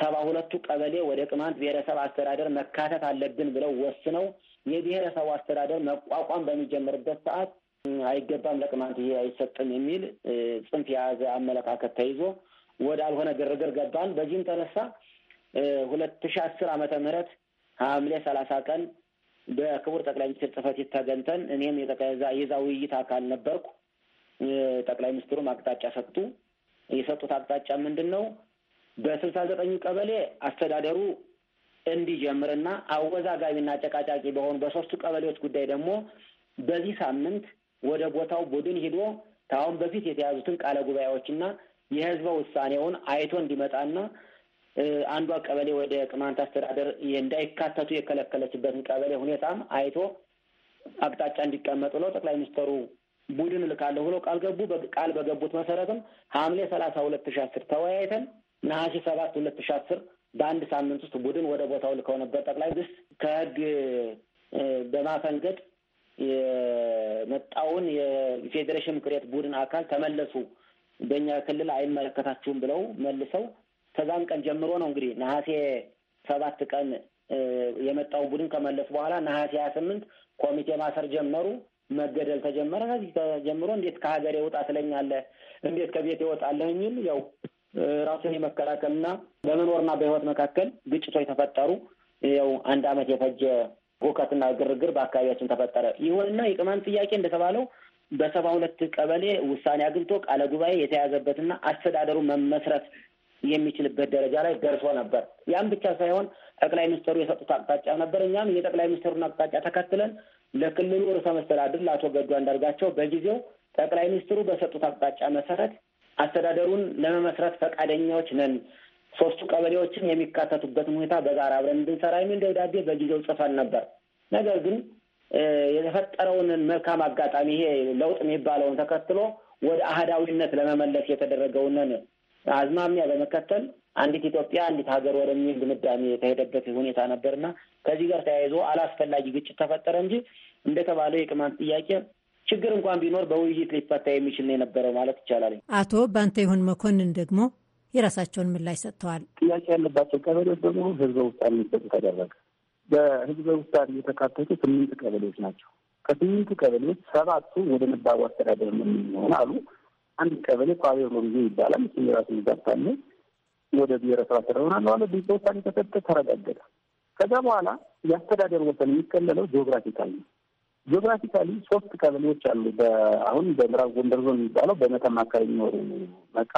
ሰባ ሁለቱ ቀበሌ ወደ ቅማንት ብሔረሰብ አስተዳደር መካተት አለብን ብለው ወስነው የብሔረሰቡ አስተዳደር መቋቋም በሚጀምርበት ሰዓት አይገባም፣ ለቅማንት ይሄ አይሰጥም የሚል ጽንፍ የያዘ አመለካከት ተይዞ አልሆነ ግርግር ገባን። በዚህም ተነሳ ሁለት ሺ አስር ዓመተ ምህረት ሐምሌ ሰላሳ ቀን በክቡር ጠቅላይ ሚኒስትር ጽህፈት ቤት ተገንተን እኔም የዛ ውይይት አካል ነበርኩ። ጠቅላይ ሚኒስትሩም አቅጣጫ ሰጡ። የሰጡት አቅጣጫ ምንድን ነው? በስልሳ ዘጠኙ ቀበሌ አስተዳደሩ እንዲጀምርና አወዛጋቢና አጨቃጫቂ በሆኑ በሶስቱ ቀበሌዎች ጉዳይ ደግሞ በዚህ ሳምንት ወደ ቦታው ቡድን ሂዶ ከአሁን በፊት የተያዙትን ቃለ ጉባኤዎችና የህዝበ ውሳኔውን አይቶ እንዲመጣና አንዷ ቀበሌ ወደ ቅማንት አስተዳደር እንዳይካተቱ የከለከለችበትን ቀበሌ ሁኔታም አይቶ አቅጣጫ እንዲቀመጥ ብለው ጠቅላይ ሚኒስትሩ ቡድን እልካለሁ ብለው ቃል ገቡ። ቃል በገቡት መሰረትም ሐምሌ ሰላሳ ሁለት ሺ አስር ተወያይተን ነሐሴ ሰባት ሁለት ሺ አስር በአንድ ሳምንት ውስጥ ቡድን ወደ ቦታው ልከው ነበር። ጠቅላይ ግስ ከህግ በማፈንገጥ የመጣውን የፌዴሬሽን ምክር ቤት ቡድን አካል ተመለሱ፣ በእኛ ክልል አይመለከታችሁም ብለው መልሰው ከዛን ቀን ጀምሮ ነው እንግዲህ ነሐሴ ሰባት ቀን የመጣው ቡድን ከመለሱ በኋላ ነሐሴ ሀያ ስምንት ኮሚቴ ማሰር ጀመሩ። መገደል ተጀመረ። ከዚህ ተጀምሮ እንዴት ከሀገር የወጣ ትለኛለህ? እንዴት ከቤት ይወጣለህ? የሚል ያው ራሱን የመከላከልና በመኖርና በህይወት መካከል ግጭቶች ተፈጠሩ። ያው አንድ አመት የፈጀ ሁከትና ግርግር በአካባቢያችን ተፈጠረ። ይሁንና የቅማንት ጥያቄ እንደተባለው በሰባ ሁለት ቀበሌ ውሳኔ አግኝቶ ቃለ ጉባኤ የተያዘበትና አስተዳደሩ መመስረት የሚችልበት ደረጃ ላይ ደርሶ ነበር። ያም ብቻ ሳይሆን ጠቅላይ ሚኒስትሩ የሰጡት አቅጣጫ ነበር። እኛም የጠቅላይ ሚኒስትሩን አቅጣጫ ተከትለን ለክልሉ ርዕሰ መስተዳድር ለአቶ ገዱ አንዳርጋቸው በጊዜው ጠቅላይ ሚኒስትሩ በሰጡት አቅጣጫ መሰረት አስተዳደሩን ለመመስረት ፈቃደኛዎች ነን፣ ሶስቱ ቀበሌዎችን የሚካተቱበትን ሁኔታ በጋራ አብረን እንድንሰራ የሚል ደብዳቤ በጊዜው ጽፈን ነበር። ነገር ግን የተፈጠረውን መልካም አጋጣሚ ይሄ ለውጥ የሚባለውን ተከትሎ ወደ አህዳዊነት ለመመለስ የተደረገውን አዝማሚያ በመከተል አንዲት ኢትዮጵያ አንዲት ሀገር ወደሚል ድምዳሜ የተሄደበት ሁኔታ ነበርና ከዚህ ጋር ተያይዞ አላስፈላጊ ግጭት ተፈጠረ እንጂ እንደተባለው የቅማንት ጥያቄ ችግር እንኳን ቢኖር በውይይት ሊፈታ የሚችል ነው የነበረው ማለት ይቻላል። አቶ ባንተ ይሁን መኮንን ደግሞ የራሳቸውን ምላሽ ሰጥተዋል። ጥያቄ ያለባቸው ቀበሌዎች ደግሞ ህዝበ ውሳኔ እንዲሰጡ ተደረገ። በህዝበ ውሳኔ የተካተቱ ስምንት ቀበሌዎች ናቸው። ከስምንቱ ቀበሌዎች ሰባቱ ወደ ነባሩ አስተዳደር የምንሆን አሉ አንድ ቀበሌ ኳቤር ጊዜ ይባላል። እሱ የራሱ ዛታለ ወደ ብሔረሰብ አስተዳደር ሆናለሁ አለ። ቤተ ውሳኔ ተሰጠ፣ ተረጋገጠ። ከዛ በኋላ የአስተዳደር ወሰን የሚከለለው ጂኦግራፊካል ነው። ጂኦግራፊካሊ ሶስት ቀበሌዎች አሉ። አሁን በምዕራብ ጎንደር ዞን የሚባለው በመተማ አካባቢ የሚኖሩ መቃ፣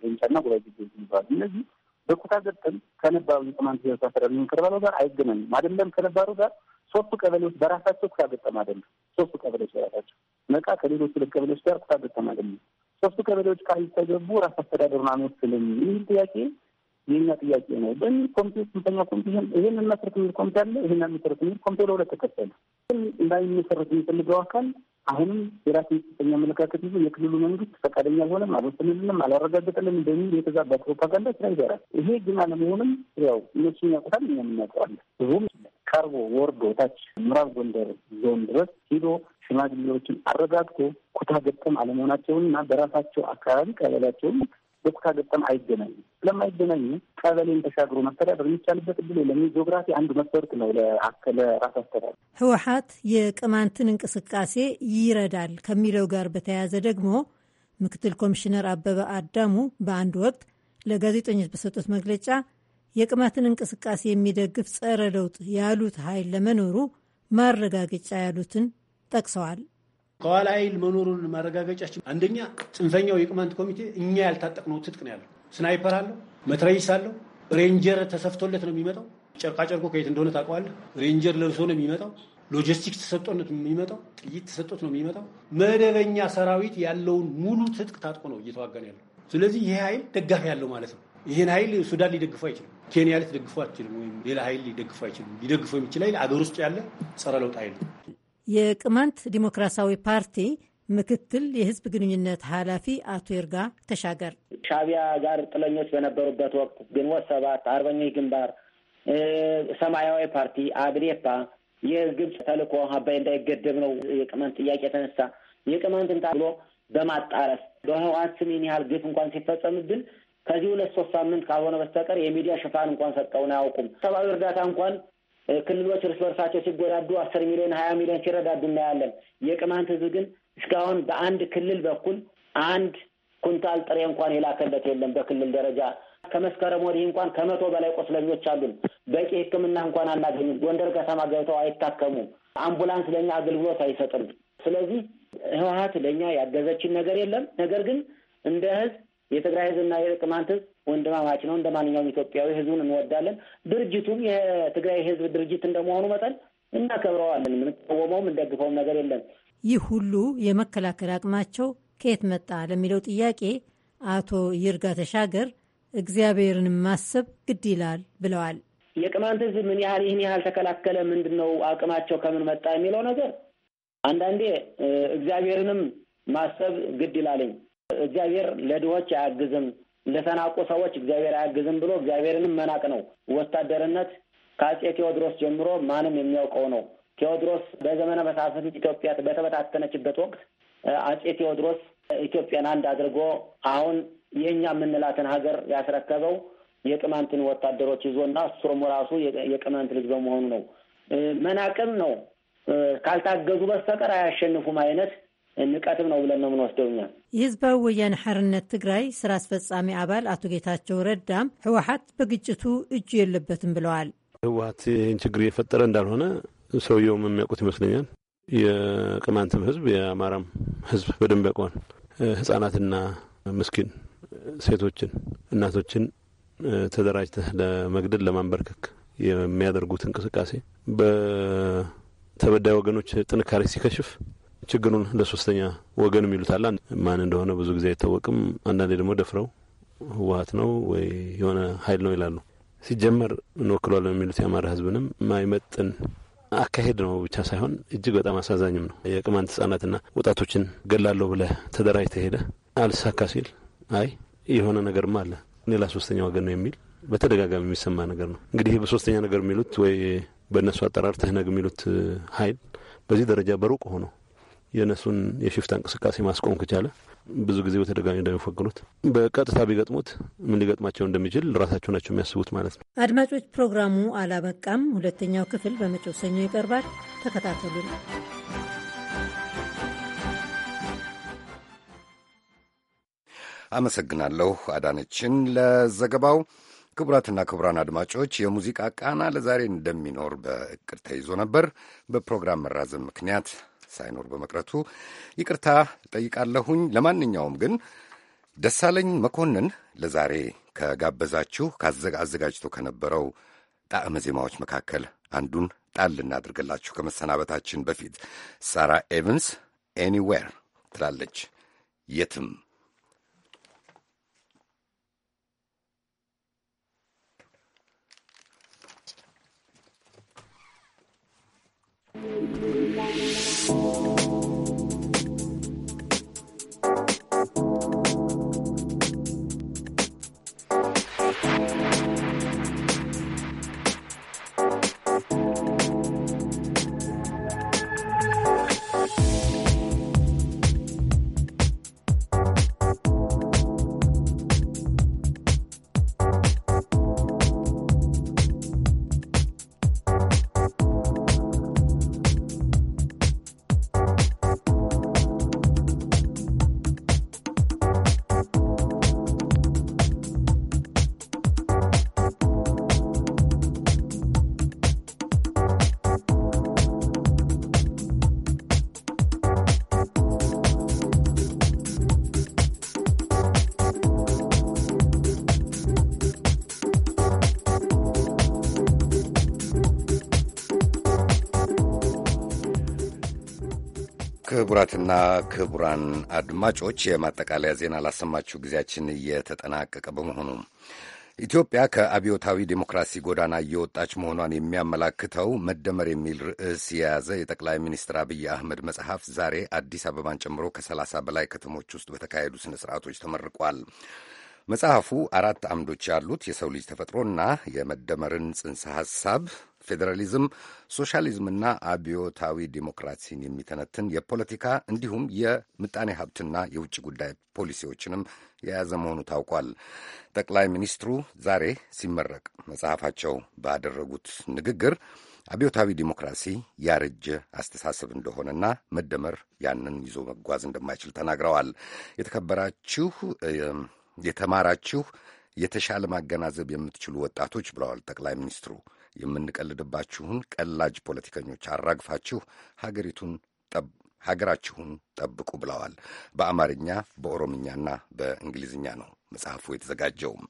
ደንጫና ጉራጌ ይባሉ እነዚህ በኩታ ገጠም ከነባሩ የቅማንት ብሔረሰብ አስተዳደር ጋር አይገናኝም። አይደለም ከነባሩ ጋር ሶስቱ ቀበሌዎች በራሳቸው ኩታ ገጠም አይደለም። ሶስቱ ቀበሌዎች በራሳቸው መቃ ከሌሎች ሁለት ቀበሌዎች ጋር ኩታ ገጠም አይደለም። ሶስቱ ቀበሌዎች ካልተገቡ ራስ አስተዳደሩን አመስልም የሚል ጥያቄ የኛ ጥያቄ ነው። በሚል ኮሚቴ ስንተኛ ኮሚቴ ይህን መሰረት የሚል ኮሚቴ አለ። ይህን መሰረት የሚል ኮሚቴ ለሁለት ተከፈለ። ግን እንዳይመሰረት የሚፈልገው አካል አሁንም የራሱን ጽንፈኛ አመለካከት ይዞ የክልሉ መንግስት ፈቃደኛ አልሆነም፣ አልወሰንልንም፣ አላረጋገጠልን በሚል የተዛባ ፕሮፓጋንዳ ስራ ይዘራል። ይሄ ግን አለመሆንም ያው እነሱ ያውቁታል፣ እኛ የምናውቀዋለን። ብዙም ቀርቦ ወርዶ ታች ምዕራብ ጎንደር ዞን ድረስ ሂዶ ሽማግሌዎችን አረጋግቶ ኩታ ገጠም አለመሆናቸውን እና በራሳቸው አካባቢ ቀበሌያቸውን ገጽታ ገጠም አይገናኝም። ስለማይገናኝ ቀበሌን ተሻግሮ መስተዳደር የሚቻልበት እድል የለም። ጂኦግራፊ አንዱ መስፈርት ነው ለራስ አስተዳደር። ህወሀት የቅማንትን እንቅስቃሴ ይረዳል ከሚለው ጋር በተያያዘ ደግሞ ምክትል ኮሚሽነር አበበ አዳሙ በአንድ ወቅት ለጋዜጠኞች በሰጡት መግለጫ የቅማትን እንቅስቃሴ የሚደግፍ ጸረ ለውጥ ያሉት ኃይል ለመኖሩ ማረጋገጫ ያሉትን ጠቅሰዋል። ከኋላ ኃይል መኖሩን ማረጋገጫችን አንደኛ ጽንፈኛው የቅማንት ኮሚቴ እኛ ያልታጠቅነው ትጥቅ ነው ያለው። ስናይፐር አለው፣ መትረይስ አለው፣ ሬንጀር ተሰፍቶለት ነው የሚመጣው። ጨርቃጨርቆ ከየት እንደሆነ ታውቀዋለህ። ሬንጀር ለብሶ ነው የሚመጣው። ሎጂስቲክስ ተሰጦነት የሚመጣው ጥይት ተሰጦት ነው የሚመጣው። መደበኛ ሰራዊት ያለውን ሙሉ ትጥቅ ታጥቆ ነው እየተዋጋን ያለው። ስለዚህ ይህ ኃይል ደጋፊ ያለው ማለት ነው። ይህን ኃይል ሱዳን ሊደግፉ አይችልም። ኬንያ ልትደግፉ አትችልም። ወይም ሌላ ኃይል ሊደግፉ አይችልም። ሊደግፉ የሚችል ኃይል አገር ውስጥ ያለ ጸረ ለውጥ ኃይል ነው። የቅማንት ዲሞክራሲያዊ ፓርቲ ምክትል የህዝብ ግንኙነት ኃላፊ አቶ ይርጋ ተሻገር ሻቢያ ጋር ጥለኞች በነበሩበት ወቅት ግንቦት ሰባት፣ አርበኞች ግንባር፣ ሰማያዊ ፓርቲ፣ አብዴፓ የግብፅ ተልእኮ አባይ እንዳይገደብ ነው የቅማንት ጥያቄ የተነሳ የቅማንትን ብሎ በማጣረስ በህወሀት ስም ይህን ያህል ግፍ እንኳን ሲፈጸምብን ከዚህ ሁለት ሶስት ሳምንት ካልሆነ በስተቀር የሚዲያ ሽፋን እንኳን ሰጠውን አያውቁም። ሰብአዊ እርዳታ እንኳን ክልሎች እርስ በርሳቸው ሲጎዳዱ አስር ሚሊዮን ሀያ ሚሊዮን ሲረዳዱ እናያለን። የቅማንት ህዝብ ግን እስካሁን በአንድ ክልል በኩል አንድ ኩንታል ጥሬ እንኳን የላከለት የለም። በክልል ደረጃ ከመስከረም ወዲህ እንኳን ከመቶ በላይ ቆስለኞች አሉን። በቂ ሕክምና እንኳን አናገኙም። ጎንደር ከተማ ገብተው አይታከሙም። አምቡላንስ ለእኛ አገልግሎት አይሰጥም። ስለዚህ ህወሀት ለእኛ ያገዘችን ነገር የለም። ነገር ግን እንደ ህዝብ የትግራይ ህዝብና የቅማንት ህዝብ ወንድማማች ነው። እንደ ማንኛውም ኢትዮጵያዊ ህዝቡን እንወዳለን። ድርጅቱም የትግራይ ህዝብ ድርጅት እንደመሆኑ መጠን እናከብረዋለን። የምንቃወመውም እንደግፈውም ነገር የለም። ይህ ሁሉ የመከላከል አቅማቸው ከየት መጣ ለሚለው ጥያቄ አቶ ይርጋ ተሻገር እግዚአብሔርን ማሰብ ግድ ይላል ብለዋል። የቅማንት ህዝብ ምን ያህል ይህን ያህል ተከላከለ፣ ምንድን ነው አቅማቸው ከምን መጣ የሚለው ነገር አንዳንዴ እግዚአብሔርንም ማሰብ ግድ ይላለኝ። እግዚአብሔር ለድሆች አያግዝም፣ ለተናቁ ሰዎች እግዚአብሔር አያግዝም ብሎ እግዚአብሔርንም መናቅ ነው። ወታደርነት ከአጼ ቴዎድሮስ ጀምሮ ማንም የሚያውቀው ነው። ቴዎድሮስ በዘመነ መሳፍንት ኢትዮጵያ በተበታተነችበት ወቅት አጼ ቴዎድሮስ ኢትዮጵያን አንድ አድርጎ አሁን የእኛ የምንላትን ሀገር ያስረከበው የቅማንትን ወታደሮች ይዞና እሱም ራሱ የቅማንት ልጅ በመሆኑ ነው። መናቅም ነው ካልታገዙ በስተቀር አያሸንፉም አይነት ንቃትም ነው ብለን ነው የምንወስደው እኛ። የህዝባዊ ወያነ ሓርነት ትግራይ ስራ አስፈጻሚ አባል አቶ ጌታቸው ረዳም ህወሓት በግጭቱ እጁ የለበትም ብለዋል። ህወሓት ይህን ችግር የፈጠረ እንዳልሆነ ሰውየውም የሚያውቁት ይመስለኛል። የቅማንትም ህዝብ የአማራም ህዝብ በደንብ ያውቀዋል። ህጻናትና ምስኪን ሴቶችን፣ እናቶችን ተደራጅተህ ለመግደል ለማንበርከክ የሚያደርጉት እንቅስቃሴ በተበዳይ ወገኖች ጥንካሬ ሲከሽፍ ችግሩን ለሶስተኛ ወገን የሚሉታል። ማን እንደሆነ ብዙ ጊዜ አይታወቅም። አንዳንዴ ደግሞ ደፍረው ህወሀት ነው ወይ የሆነ ሀይል ነው ይላሉ። ሲጀመር እንወክሏለን የሚሉት የአማራ ህዝብንም ማይመጥን አካሄድ ነው ብቻ ሳይሆን እጅግ በጣም አሳዛኝም ነው። የቅማንት ህጻናትና ወጣቶችን ገላለሁ ብለ ተደራጅ ተሄደ አልሳካ ሲል አይ የሆነ ነገርማ አለ ሌላ ሶስተኛ ወገን ነው የሚል በተደጋጋሚ የሚሰማ ነገር ነው። እንግዲህ በሶስተኛ ነገር የሚሉት ወይ በእነሱ አጠራር ትህነግ የሚሉት ሀይል በዚህ ደረጃ በሩቅ ሆነው የእነሱን የሽፍታ እንቅስቃሴ ማስቆም ከቻለ ብዙ ጊዜ በተደጋጋሚ እንደሚፈግኑት በቀጥታ ቢገጥሙት ምን ሊገጥማቸው እንደሚችል ራሳቸው ናቸው የሚያስቡት ማለት ነው። አድማጮች፣ ፕሮግራሙ አላበቃም። ሁለተኛው ክፍል በመጪው ሰኞ ይቀርባል። ተከታተሉ። አመሰግናለሁ አዳነችን ለዘገባው። ክቡራትና ክቡራን አድማጮች የሙዚቃ ቃና ለዛሬ እንደሚኖር በእቅድ ተይዞ ነበር። በፕሮግራም መራዘም ምክንያት ሳይኖር በመቅረቱ ይቅርታ ጠይቃለሁኝ። ለማንኛውም ግን ደሳለኝ መኮንን ለዛሬ ከጋበዛችሁ አዘጋጅቶ ከነበረው ጣዕመ ዜማዎች መካከል አንዱን ጣል እናድርግላችሁ። ከመሰናበታችን በፊት ሳራ ኤቨንስ ኤኒዌር ትላለች የትም ክቡራትና ክቡራን አድማጮች የማጠቃለያ ዜና ላሰማችሁ። ጊዜያችን እየተጠናቀቀ በመሆኑ ኢትዮጵያ ከአብዮታዊ ዴሞክራሲ ጎዳና እየወጣች መሆኗን የሚያመላክተው መደመር የሚል ርዕስ የያዘ የጠቅላይ ሚኒስትር አብይ አህመድ መጽሐፍ ዛሬ አዲስ አበባን ጨምሮ ከሰላሳ በላይ ከተሞች ውስጥ በተካሄዱ ስነ ስርዓቶች ተመርቋል። መጽሐፉ አራት አምዶች ያሉት የሰው ልጅ ተፈጥሮና የመደመርን ጽንሰ ሐሳብ ፌዴራሊዝም፣ ሶሻሊዝምና አብዮታዊ ዲሞክራሲን የሚተነትን የፖለቲካ እንዲሁም የምጣኔ ሀብትና የውጭ ጉዳይ ፖሊሲዎችንም የያዘ መሆኑ ታውቋል። ጠቅላይ ሚኒስትሩ ዛሬ ሲመረቅ መጽሐፋቸው ባደረጉት ንግግር አብዮታዊ ዲሞክራሲ ያረጀ አስተሳሰብ እንደሆነና መደመር ያንን ይዞ መጓዝ እንደማይችል ተናግረዋል። የተከበራችሁ የተማራችሁ የተሻለ ማገናዘብ የምትችሉ ወጣቶች ብለዋል ጠቅላይ ሚኒስትሩ። የምንቀልድባችሁን ቀላጅ ፖለቲከኞች አራግፋችሁ ሀገሪቱን ሀገራችሁን ጠብቁ ብለዋል። በአማርኛ በኦሮምኛና በእንግሊዝኛ ነው መጽሐፉ የተዘጋጀውም።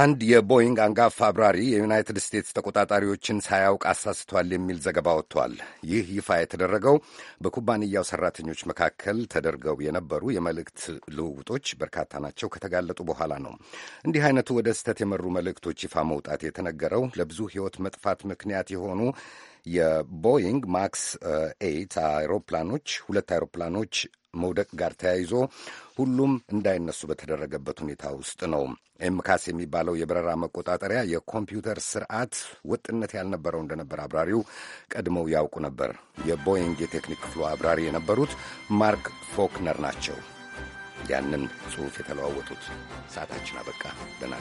አንድ የቦይንግ አንጋፋ አብራሪ የዩናይትድ ስቴትስ ተቆጣጣሪዎችን ሳያውቅ አሳስቷል የሚል ዘገባ ወጥቷል። ይህ ይፋ የተደረገው በኩባንያው ሰራተኞች መካከል ተደርገው የነበሩ የመልእክት ልውውጦች በርካታ ናቸው ከተጋለጡ በኋላ ነው። እንዲህ አይነቱ ወደ ስህተት የመሩ መልእክቶች ይፋ መውጣት የተነገረው ለብዙ ሕይወት መጥፋት ምክንያት የሆኑ የቦይንግ ማክስ ኤይት አውሮፕላኖች ሁለት አውሮፕላኖች መውደቅ ጋር ተያይዞ ሁሉም እንዳይነሱ በተደረገበት ሁኔታ ውስጥ ነው። ኤምካስ የሚባለው የበረራ መቆጣጠሪያ የኮምፒውተር ስርዓት ወጥነት ያልነበረው እንደነበር አብራሪው ቀድመው ያውቁ ነበር። የቦይንግ የቴክኒክ ክፍሉ አብራሪ የነበሩት ማርክ ፎክነር ናቸው። ያንን ጽሑፍ የተለዋወጡት። ሰዓታችን አበቃ። ደህና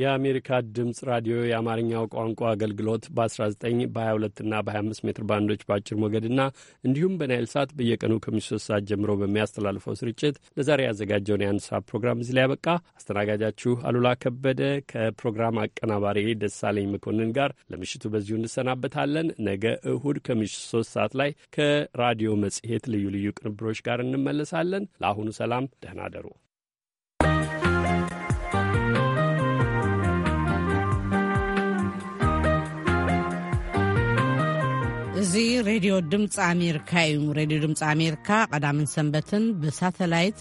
የአሜሪካ ድምፅ ራዲዮ የአማርኛው ቋንቋ አገልግሎት በ19 በ22 እና በ25 ሜትር ባንዶች በአጭር ሞገድና እንዲሁም በናይል ሳት በየቀኑ ከምሽቱ ሶስት ሰዓት ጀምሮ በሚያስተላልፈው ስርጭት ለዛሬ ያዘጋጀውን የአንድ ሰዓት ፕሮግራም እዚህ ላይ ያበቃ። አስተናጋጃችሁ አሉላ ከበደ ከፕሮግራም አቀናባሪ ደሳለኝ መኮንን ጋር ለምሽቱ በዚሁ እንሰናበታለን። ነገ እሁድ ከምሽቱ ሶስት ሰዓት ላይ ከራዲዮ መጽሔት ልዩ ልዩ ቅንብሮች ጋር እንመለሳለን። ለአሁኑ ሰላም፣ ደህና አደሩ። እዚ ሬድዮ ድምፂ ኣሜሪካ እዩ ሬድዮ ድምፂ ኣሜሪካ ቀዳምን ሰንበትን ብሳተላይት